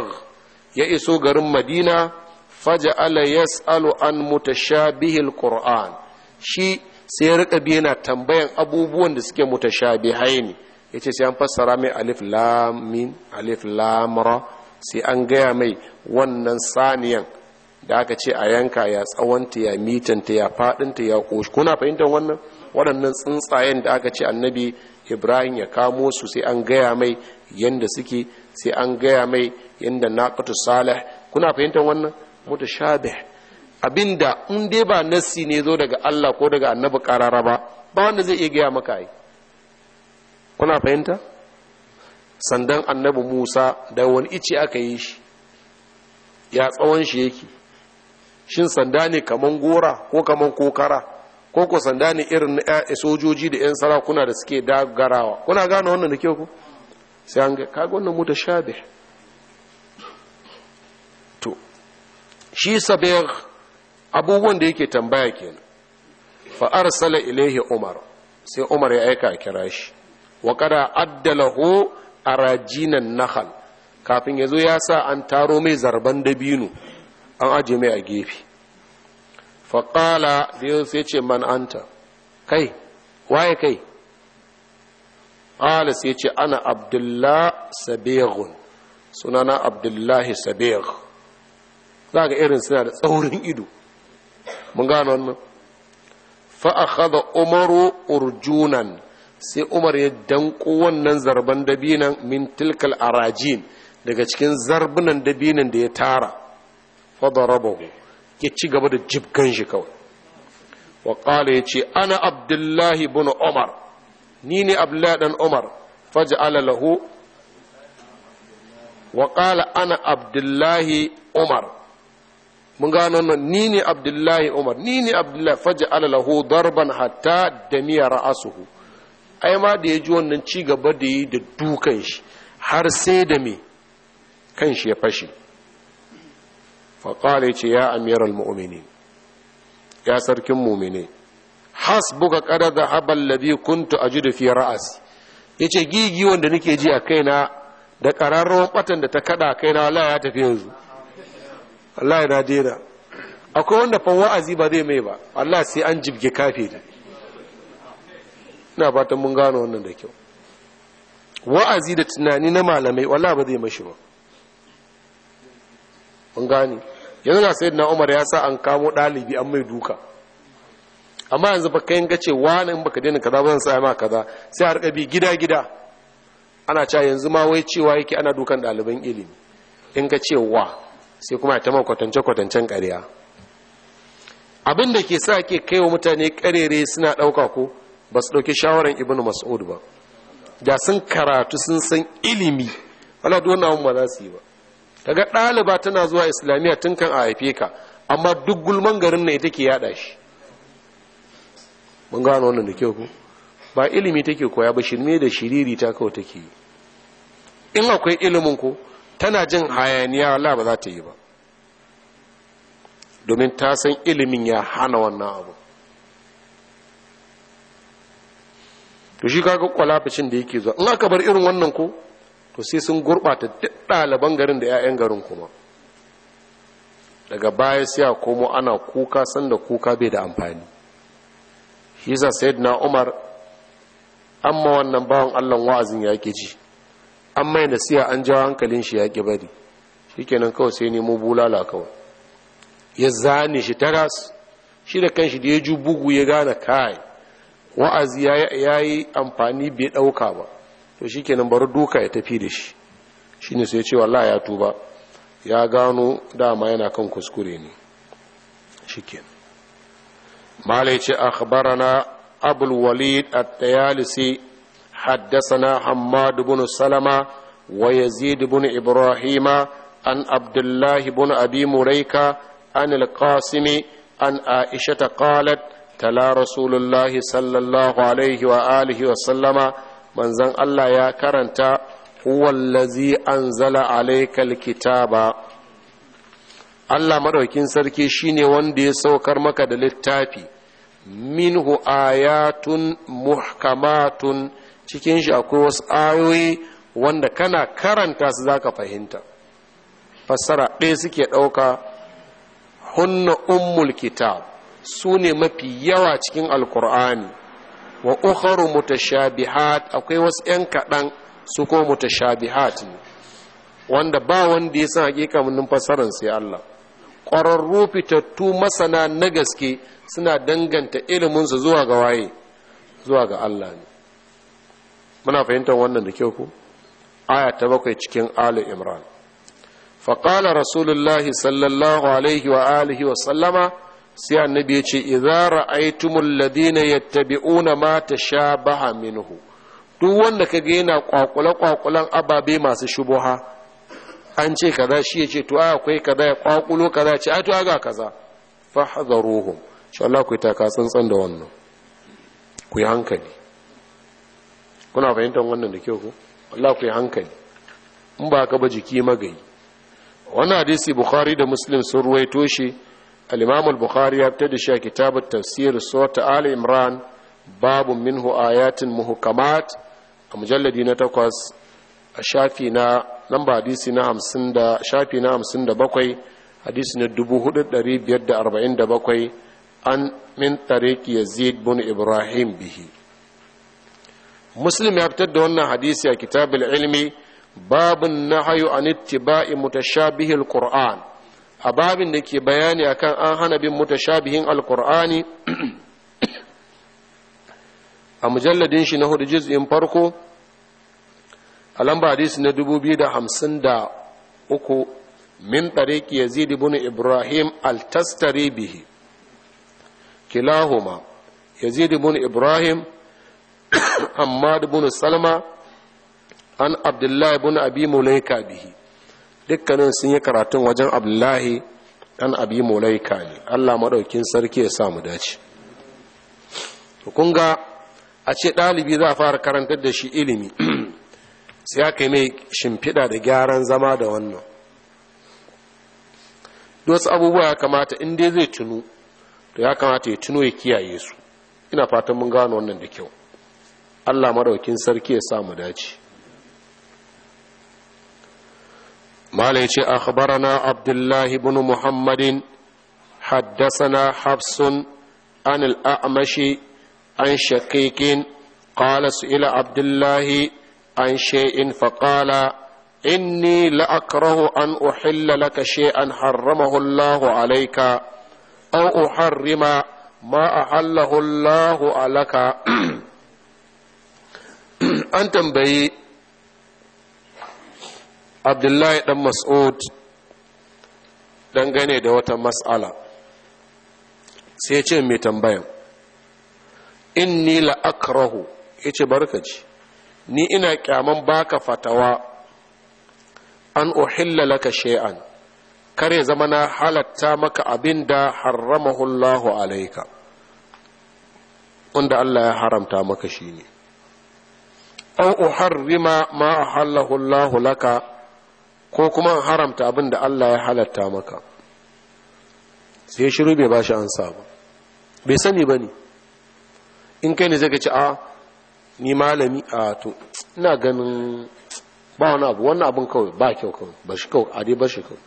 ya iso garin madina faja faja'ala yas'alu an mutashabihil qur'an shi sai ya rika yana tambayan abubuwan da suke mutashabihai ne yace sai an fassara mai alif lam min alif lam sai an gaya mai wannan saniyan da aka ce a yanka ya tsawonta ya mitanta ya fadinta ya koshi kuna fahimtar wannan waɗannan tsuntsayen da aka ce annabi ibrahim ya kamo su sai an gaya mai yanda suke sai an gaya mai na naqatu salih kuna fahimtar wannan mutashabih abinda in dai ba nassi ne zo daga Allah ko daga annabi karara ba ba wanda zai iya gaya maka yi, kuna fahimta sandan annabi Musa da wani ice aka yi shi ya tsawon shi yake shin sanda ne kaman gora ko kaman kokara ko ko sanda ne irin na sojoji da 'yan sarakuna da suke dagarawa kuna gane wannan da kyau ku sai an ga kaga wannan mutashabih shi sabir abubuwan da yake tambaya kenan fa arsala ilaihi umar sai umar ya aika a kira shi wa kada addalahu arajinan nahal kafin ya zo ya sa an taro mai zarban dabino an aje mai a gefe faƙala da yau sai ce man anta kai waye kai ƙala sai ce ana abdullah sabirun sunana abdullahi Sabiru. za ga irin suna da tsaurin ido mun gano wannan fa'akhadha umaru urjunan sai umar ya danko wannan zarban dabinan min tilkal arajin daga cikin zarbunan dabinan da ya tara fadarabahu ya ci gaba da jibgan shi kawai wa qala yace ana abdullahi ibn umar ni ne abdullahi dan umar faj'ala lahu wa qala ana abdullahi umar mun gano nan ni ne abdullahi umar ni ne abdullahi faji alalahu darban hatta da miya ra'asuhu ai ma da ya ji wannan ci gaba da yi da dukan shi har sai da me kan shi ya fashe faƙale ce ya amiral mu'mini ya sarkin mumini buga kada da habal ladhi kuntu ajidu fi ra'asi ce gigi wanda nake ji a kaina da ƙararrawar ɓatan da ta kaɗa a kaina wala ya tafi yanzu wallahi na dena. akwai wanda fa wa'azi ba zai mai ba Allah sai an jibge kafiri ina fatan mun gano wannan da kyau wa'azi da tunani na malamai wallahi ba zai mashi ba mun gane yanzu na sai na umar ya sa an kamo ɗalibi an mai duka amma yanzu ba kayan gace wani in baka daina kaza ba zan sa ma kaza sai a rikabi gida gida ana cewa yanzu ma wai cewa yake ana dukan ɗaliban ilimi in ga ce wa sai kuma ta man kwatance-kwatancen ƙarya abin da ke sa ke kai wa mutane ƙarere suna ɗauka ko ba su ɗauki shawarar ibn mas'ud ba da sun karatu sun san ilimi wala dona ba za su yi ba kaga ɗaliba tana zuwa islamiyya tun kan a haife ka amma duk gulman garin ne take yaɗa shi mun gano wannan da kyau ku ba ilimi take koya ba shirme da shiriri ta kawo take yi in akwai ilimin ko tana jin hayaniya wala ba za ta yi ba domin ta san ilimin ya hana wannan abu to shi kaga kwalafacin da yake zuwa in aka bar irin wannan ko to sai sun gurɓata duk ɗaliban garin da 'ya'yan garin kuma daga baya sai komo ana kuka sanda kuka bai da amfani shi yasa na umar amma wannan bawan Allah wa'azin ya ke ji an mai siya an jawo hankalin shi ya ƙi bari shikenan kawai sai nemo bulala kawai ya zane shi taras shi da kanshi da ya ju bugu ya gane kai wa'azi ya yi amfani bai ɗauka ba to shikenan bari duka ya tafi da shi shi ne sai ya ce wa ya tuba ya gano dama yana kan kuskure ne shikenan malai ce akhbarana abul walid at-tayalisi حدثنا حماد بن سلمة ويزيد بن إبراهيم عن عبد الله بن أبي مريكة عن القاسم عن عائشة قالت تلا رسول الله صلى الله عليه وآله وسلم من زن الله يا كرنتا هو الذي أنزل عليك الكتاب Allah madaukin sarki shine wanda ya saukar maka da littafi minhu ayatun muhkamatun cikin shi akwai wasu ayoyi wanda kana karanta su za ka fahimta fassara ɗaya suke ɗauka hunna ummul kitab su ne mafi yawa cikin alkur'ani wa ukharu mutashabihat akwai wasu 'yan kaɗan su ko mutashabihat ne wanda ba wanda ya san hakikamin fassarar sai Allah ƙwararru fitattu masana na gaske suna danganta iliminsu zuwa ga waye zuwa ga Allah ne muna fahimtar wannan da kyau ku aya ta bakwai cikin ali imran faƙala rasulullahi sallallahu alaihi wa alihi wa sallama sai annabi ya ce idza ra'aytumul ladina yattabi'una ma tashabaha minhu duk wanda ka yana kwakule kwakulan ababe masu shubuha an ce kaza shi ya ce to akwai kaza ya kwakulo kaza ce a to ga kaza fahzaruhum insha Allah ku ta ka tsantsan da wannan ku yi hankali kuna fahimtar wannan da kyau ku Allah ku yi hankali in ba ka ba jiki magayi wannan hadisi bukhari da muslim sun ruwaito shi al-imam al-bukhari ya fitar da shi a kitabat tafsir surata ali imran babu minhu ayatin muhkamat a mujalladi na takwas a shafi na lamba hadisi na 50 da shafi na hamsin da bakwai hadisi na dubu dari biyar da arba'in da bakwai an min tariki yazid ibn ibrahim bihi muslim ya fitar da wannan hadisi a kitabul ilmi babun nahayu an ittiba'i mutashabihil qur'an a babin da ke bayani akan an hana bin mutashabihin alqur'ani a mujalladin shi na hudu juz'in farko a lamba hadisi na 2053 min tariqi yazid ibn ibrahim al-tastari bihi kilahuma yazid bin ibrahim (coughs) hammad bin salma an abdullahi bin abi mulaika bihi dukkanin sun yi karatun wajen abdullahi an abi mulaika ne Allah maɗaukin sarki ya sa mu dace kun ga a ce dalibi za a fara karantar da shi ilimi (coughs) sai aka yi mai shimfiɗa da gyaran zama da wannan wasu abubuwa ya kamata in dai zai tunu to ya kamata ya tuno ya kiyaye su ina fatan mun gano wannan da kyau Allah maraukin sarki ya sa mu dace. Malai ce, "Akhbarana Abdullah ibn Muhammadin haddasana hafsun an al’amashi an shakikin qala su ila an she’in faƙala, inni la’akarahu an lakashe an she’an hullahu alaika, an uharrima ma a halahullahu alaka. (clears throat) (clears throat) an tambayi abdullahi dan mas'ud dangane da wata matsala sai ce mai tambayan inni la'akrahu ya ce barkaci ni ina kyaman baka fatawa an uhilla laka shay'an kare zama na halatta maka abin da harramahullahu alaika wanda Allah ya haramta maka shi ne aw uharrima ma ahallahu Allahu laka ko kuma haramta abin da Allah ya halatta maka sai shiru bai bashi ansa ba bai sani bane in kai ne zaka ci a ah, ni malami a to ina ganin ba wani abu wannan abin kawai ba kyau kawai ba shi kawai a dai ba shi kawai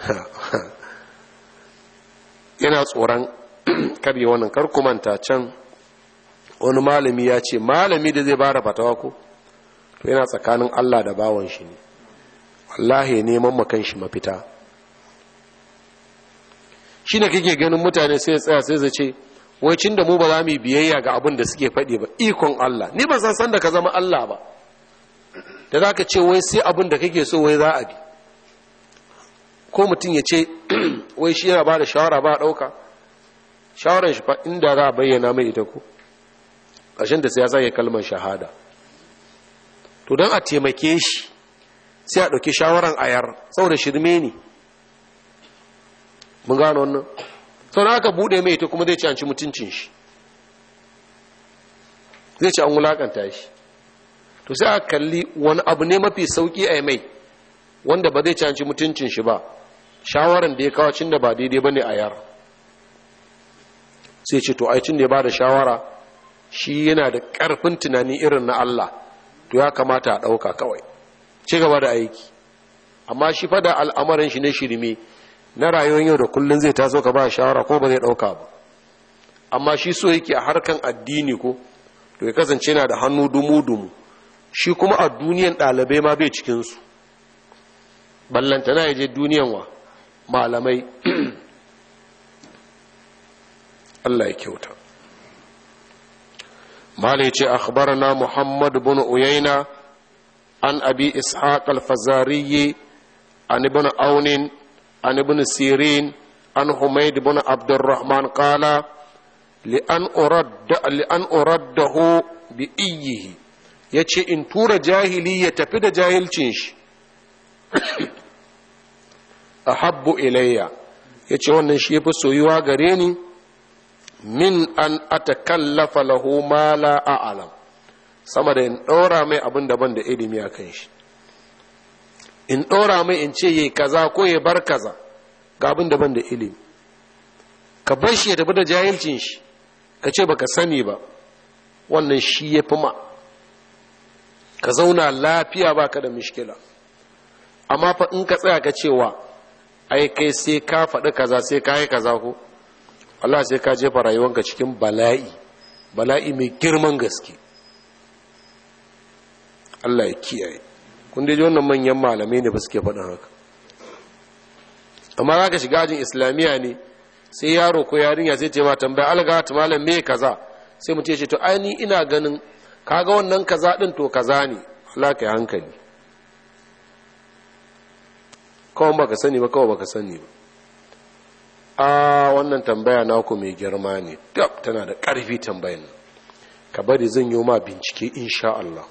(laughs) yana tsoron (clears throat) karye wannan kar kumanta can wani malami ya ce malami da zai bara fatawa ko to yana tsakanin Allah da bawan shi ne wallahi neman makan shi mafita shi ne kake ganin mutane sai tsaya sai zace ce wai cin da mu ba za mu biyayya ga abin da suke faɗi ba ikon Allah ni ba san san da ka zama Allah ba da za ka ce wai sai abin da kake so wai za a bi ko mutum ya ce (clears throat) wai shi yana ba da shawara ba a ɗauka shawarar shi fa inda za a bayyana mai ita ko ƙarshen da sai ya zage kalmar shahada to don a taimake shi sai a ɗauki shawaran ayar saboda shirme ne mun gano wannan sau na aka buɗe mai ta kuma zai ci an ci mutuncin shi zai ci an wulaƙanta shi to sai a kalli wani abu ne mafi sauƙi a mai wanda ba zai ci an ci mutuncin shi ba shawaran da ya kawo cinda da ba daidai ba ne a yar sai ce to aicin da ya ba da shawara shi yana da ƙarfin tunani irin na Allah to ya kamata a ɗauka kawai ci gaba da aiki amma shi fada al'amarin shi ne shirme na rayuwar yau da kullum zai taso ka ba shawara ko ba zai ɗauka ba amma shi so yake a harkan addini ko to ya kasance yana da hannu dumu-dumu shi kuma a duniyan ɗalibai ma bai cikinsu ballanta na yaje duniyan wa malamai (clears throat) Allah ya kyauta malai ce akhbarana muhammad bin uyaina an abi ishaq al-fazari an ibn aunin an ibn sirin an humayd bin abdurrahman qala li'an urad li'an uraddahu bi iyyihi yace in tura jahili ya tafi da jahilcin shi (coughs) ahabbu ilayya yace wannan shi yafi soyuwa gare ni min an atakallafa lahu ma la a'lam sama da in ɗora mai abin da ban da ilimi a kan shi in ɗora mai in ce yi kaza ko ya bar kaza ga abin da ban da ilimi ka bar shi ya tafi da jahilcin shi ka ce baka sani ba wannan shi ya fi ma ka zauna lafiya baka da mishkila amma fa in ka tsaya ka cewa ai kai sai ka faɗi kaza sai ka yi kaza ko Allah sai ka jefa rayuwanka cikin bala'i bala'i mai girman gaske Allah ya kiyaye kun dai wannan manyan malamai ne ba suke faɗin haka amma za ka shiga ajin islamiyya ne sai yaro ko yarinya sai ce ma tambaya alga ta malam me kaza sai mu ce to ai ni ina ganin kaga wannan kaza din to kaza ne Allah ka yi hankali kawai baka sani ba kawai baka sani ba a wannan tambaya na ku mai girma ne dab tana da ƙarfi tambayin ka bari zan yi ma bincike insha Allah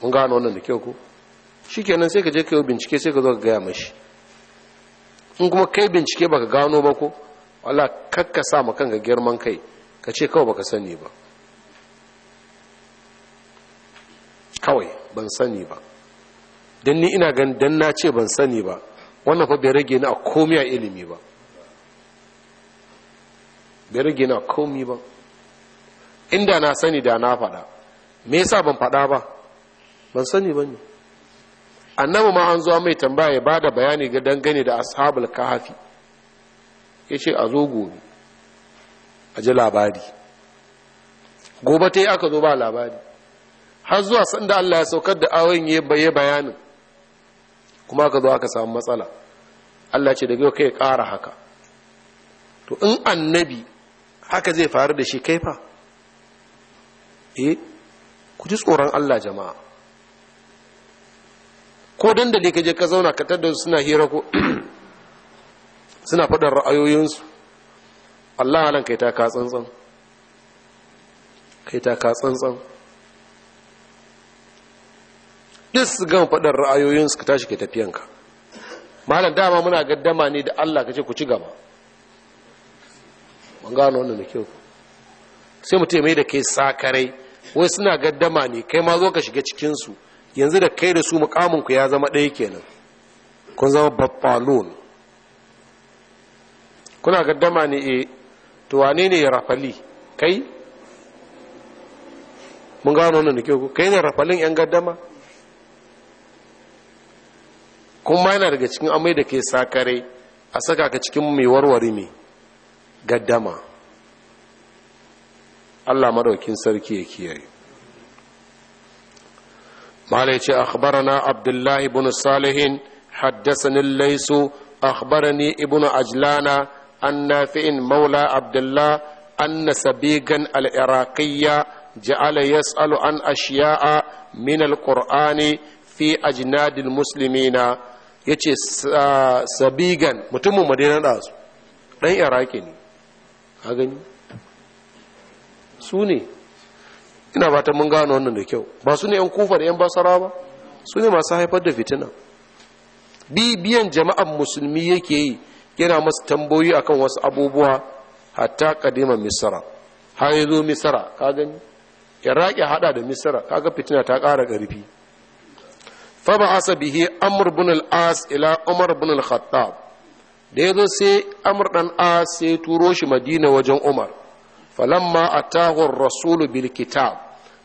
mun gano wannan da kyau ko kenan sai ka je ka yi bincike sai ka zo ka gaya mashi in kuma kai bincike baka gano ba ko wala kakka sa ma kanka girman kai ka ce kawai baka sani ba kawai ban sani ba dan ni ina gan dan na ce ban sani ba wannan fa bai rage ni a komai a ilimi ba bai rage na komi ba inda na sani da na faɗa me yasa ban faɗa ba ban sani ba ne annabi ma an zuwa mai tambaya ya bada bayani ga dangane da ashabul kahafi ya ce a zo gobe a ji labari gobe ta yi aka zo ba labari har zuwa sanda Allah ya saukar da awon ya baye bayanin kuma aka zo aka samu matsala Allah ce daga kai kara haka to in annabi haka zai faru da shi kai fa eh ku ji tsoron Allah jama'a ko dandali ka je ka zauna ka tada suna hira ko (clears throat) suna faɗin ra'ayoyinsu Allah halin kai ta ka tsantsan kai ta ka tsantsan duk su gama faɗin ra'ayoyinsu ka tashi ka tafiyanka malam dama muna gaddama ne da Allah ka ce ku ci gaba ban gano wannan da kyau sai mutum mai da kai sakarai wai suna gaddama ne kai ma zo ka shiga cikinsu yanzu da kai da su mukaminku ya zama ɗaya kenan kun zama babbalon kuna gaddama ne e to wane ne ya rafali kai mun gano wannan da kyau kai ne rafalin yan gaddama kuma yana daga cikin amai da ke sakarai a saka ka cikin mai warware mai Daddama. Allah madaukin sarki ya kiyaye mala yace akhbarana abdullahi ibn salihin haddathani laysu akhbarani ibnu ajlana an nafi'in maula abdullah anna sabigan al-iraqiyya ja'ala yas'alu an ashiya'a min al-qur'ani fi ajnadil muslimina yace sabigan mutumin madinan da su dan iraki ne ka gani su ne ina ba ta mun gano wannan da kyau ba su ne yan kufa da yan basara ba su ne masu haifar da fitina bibiyan jama'an musulmi yake yi yana masu tambayoyi akan wasu abubuwa hatta kadima misra har yazo misra ka gani iraki hada da misra kaga fitina ta ƙara ƙarfi fa ba bihi amr ibn al ila umar bin al-khattab da ya zo sai amur ɗan a sai turo shi madina wajen umar falamma a tahun rasulu bil kitab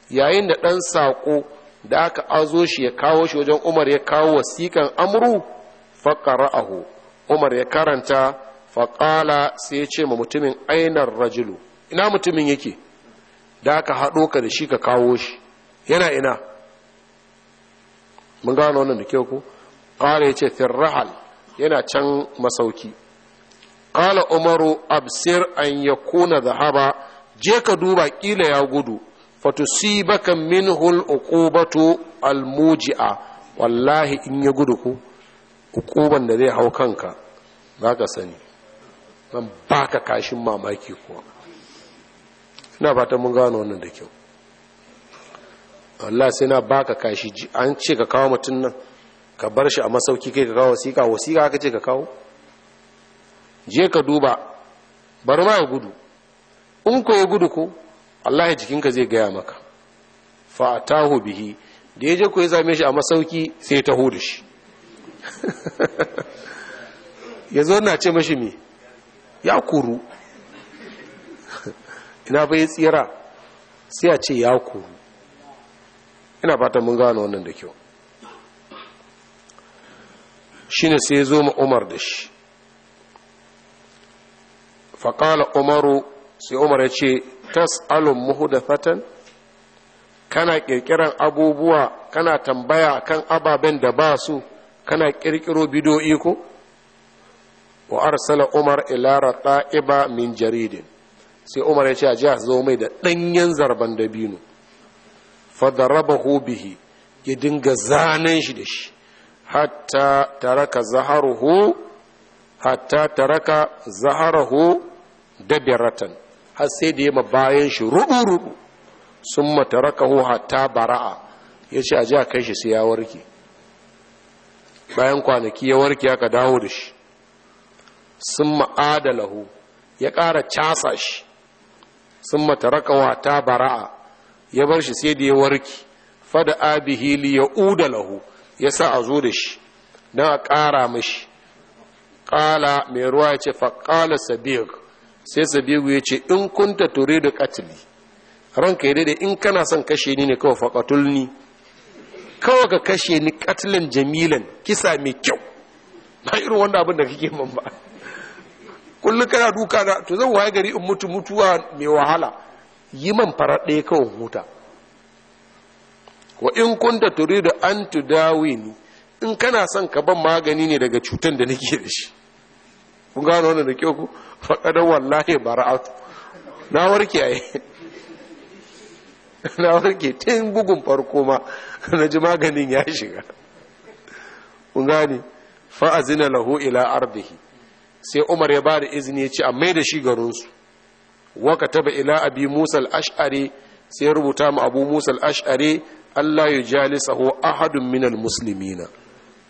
yayin da ɗan saƙo da aka azo shi ya kawo shi wajen umar ya kawo wasikan amru faƙara'ahu umar ya karanta faƙala sai ya ce ma mutumin ainar rajulu ina mutumin yake da aka haɗo ka da shi ka kawo shi yana ina mun gano wannan da kyau ku ƙara ya ce firrahal yana can masauki ƙala umaru absir an ya yakuna zahaba, je ka duba ƙila ya gudu fatusibaka minhu al-uqubatu al a wallahi in ya gudu ku hukuban da zai hau kanka zaka sani nan baka kashin mamaki kuwa ina fata mun gano wannan da kyau Allah sai na baka kashi an ce ka kawo mutum nan ka bar shi a masauki kai ka kawo wasiƙa wasiƙa aka ce ka kawo je ka duba bari ma ya gudu in ko ya gudu ko Allah ya jikinka zai gaya maka fa taho bihi da ya je ko ya same shi a masauki sai ta da shi (laughs) ya zo na ce mashi me ya kuru (laughs) ina bai tsira sai a ce ya kuru ina fata mun gano wannan da kyau shine sai ya zo ma umar da shi faƙala umaru sai umar ya ce tas'alun fatan. kana ƙirƙiran abubuwa kana tambaya kan ababen da ba su kana ƙirƙiro bido iko. wa arsala umar ila rata'iba min jaridin sai umar ya ce a jiya zo mai da ɗanyen zarban dabino fadaraba bihi ya dinga zanen shi da shi hatta taraka zaharuhu hatta taraka zaharahu dabiratan har sai da ma bayan shi rubu-rubu sun matarakahu hatta bara'a ya ce a ji a kai shi sai ya warke bayan kwanaki ya warke aka dawo da shi sun ma'adalahu ya ƙara casa shi sun matarakawa ta bara'a ya bar shi sai da ya warke fada abi li ya uda lahu ya sa a zo da shi don a ƙara mashi ƙala mai ruwa ya ce faƙala sabir sai sabiru ya ce in kunta ture da ran ranka ya daidai in kana son kashe ni ne kawai faƙatul ni kawai ka kashe ni ƙatilin jamilan kisa mai kyau na irin wanda abin da kake man ba kullum kana duka na to zan waye gari in mutu mutuwa mai wahala yi man farar ɗaya kawai huta wa in kunta turidu an tudawini in kana son ka ban magani ne daga cutar da nake da shi kun gano wannan da kyau ku faƙada wallahi bara'atu na warke ai (laughs) na warke tun bugun farko ma (laughs) na ji maganin ya shiga kun gane fa'azina lahu ila ardihi sai Umar ya ba da izini ya ci a mai da shi garinsu waka taba ila abi Musa al-Ash'ari sai rubuta mu Abu Musa al-Ash'ari Allah ya saho ahadun minal muslimina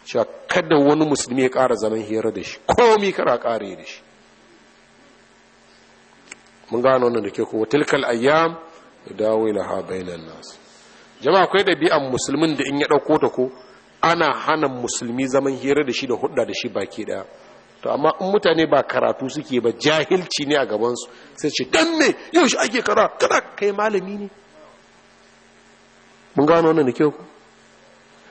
cewa kada wani musulmi ya ƙara zaman hira da shi komi kara ƙare da shi mun gano wannan da ke kuma tilkal ayyam da dawo ha bainan nasu jama'a akwai ɗabi'an musulmin da in ya ɗauko ta ko ana hana musulmi zaman hira da shi da hudda da shi baki ɗaya to amma in mutane ba karatu suke ba jahilci ne a gabansu sai ce dan me yau shi ake kara kada kai malami ne mun gano wannan da kyau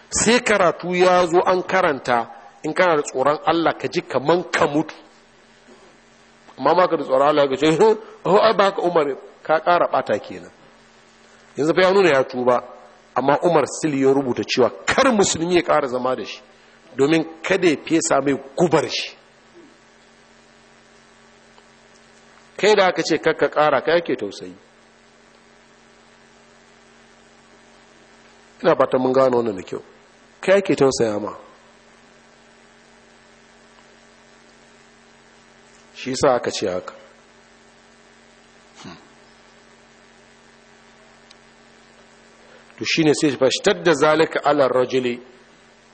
sai karatu ya zo an karanta in kana da tsoron Allah ka ji kaman ka mutu amma ma ka da tsoron Allah ka ce (laughs) oh ai ba Umar ka ƙara bata kenan yanzu fa ya nuna ya tuba amma Umar Sili ya rubuta cewa kar musulmi ya ƙara zama da shi domin kada ya fesa mai gubar shi kai da aka ce kakka ƙara ka yake tausayi ina fata mun gano wannan da kyau kai ake tausaya ma shi sa aka ce haka to ne sai fashtar da zalika alar rajuli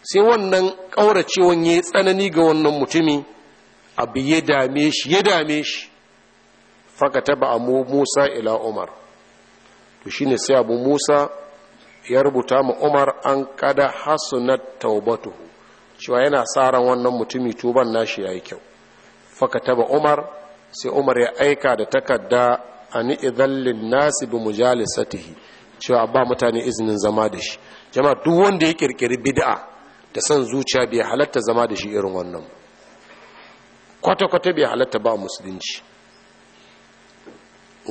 sai wannan kauracewan ya tsanani ga wannan mutumi abu ya dame shi ya dame shi faka taba a Musa ila Umar to ne sai abu Musa ya rubuta ma umar an kada hasunat taubatuhu cewa yana sa ran wannan mutumi tuban nashi yi kyau faka taba umar sai umar ya aika da takarda ni'i zallin nasi bi mujalisatihi cewa ba mutane izinin zama da shi jam'a duk wanda ya kirkiri bid'a da san zuciya bai halatta zama da shi irin wannan kwata-kwata bai halatta ba musulunci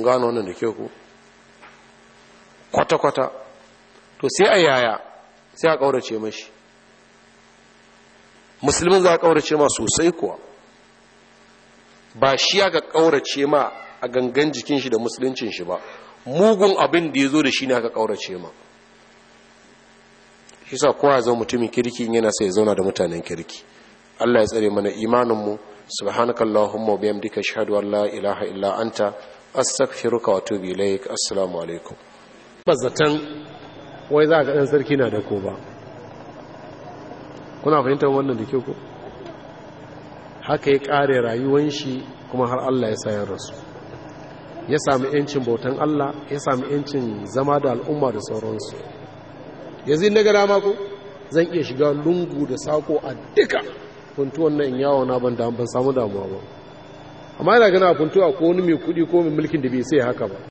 gano wannan da ke ku kwata-kwata to sai a yaya sai a ƙaurace mashi musulmin za a ƙaurace ma sosai kuwa ba shi aka ƙaurace ma a gangan jikin shi da musuluncin shi ba mugun abin da ya zo da shi ne aka ƙaurace ma shi sa kowa zama mutumin kirki yana sai ya zauna da mutanen kirki allah ya tsare mana imaninmu subhanaka allahumma wa bihamdika ashhadu an la ilaha illa anta astaghfiruka wa atubu ilaik assalamu alaikum bazatan wai za ka ɗan sarki na da ko ba kuna fahimtar wannan da kyau ko haka ya ƙare rayuwan shi kuma har Allah ya sayar rasu ya sami yancin bautan Allah ya sami yancin zama da al'umma da sauransu Ya yanzu na gada mako zan iya shiga lungu da sako a duka funtuwan in yawo na ban damar samu damuwa ba amma yana gana funtuwa ko wani mai kuɗi ko mai mulkin da bai sai haka ba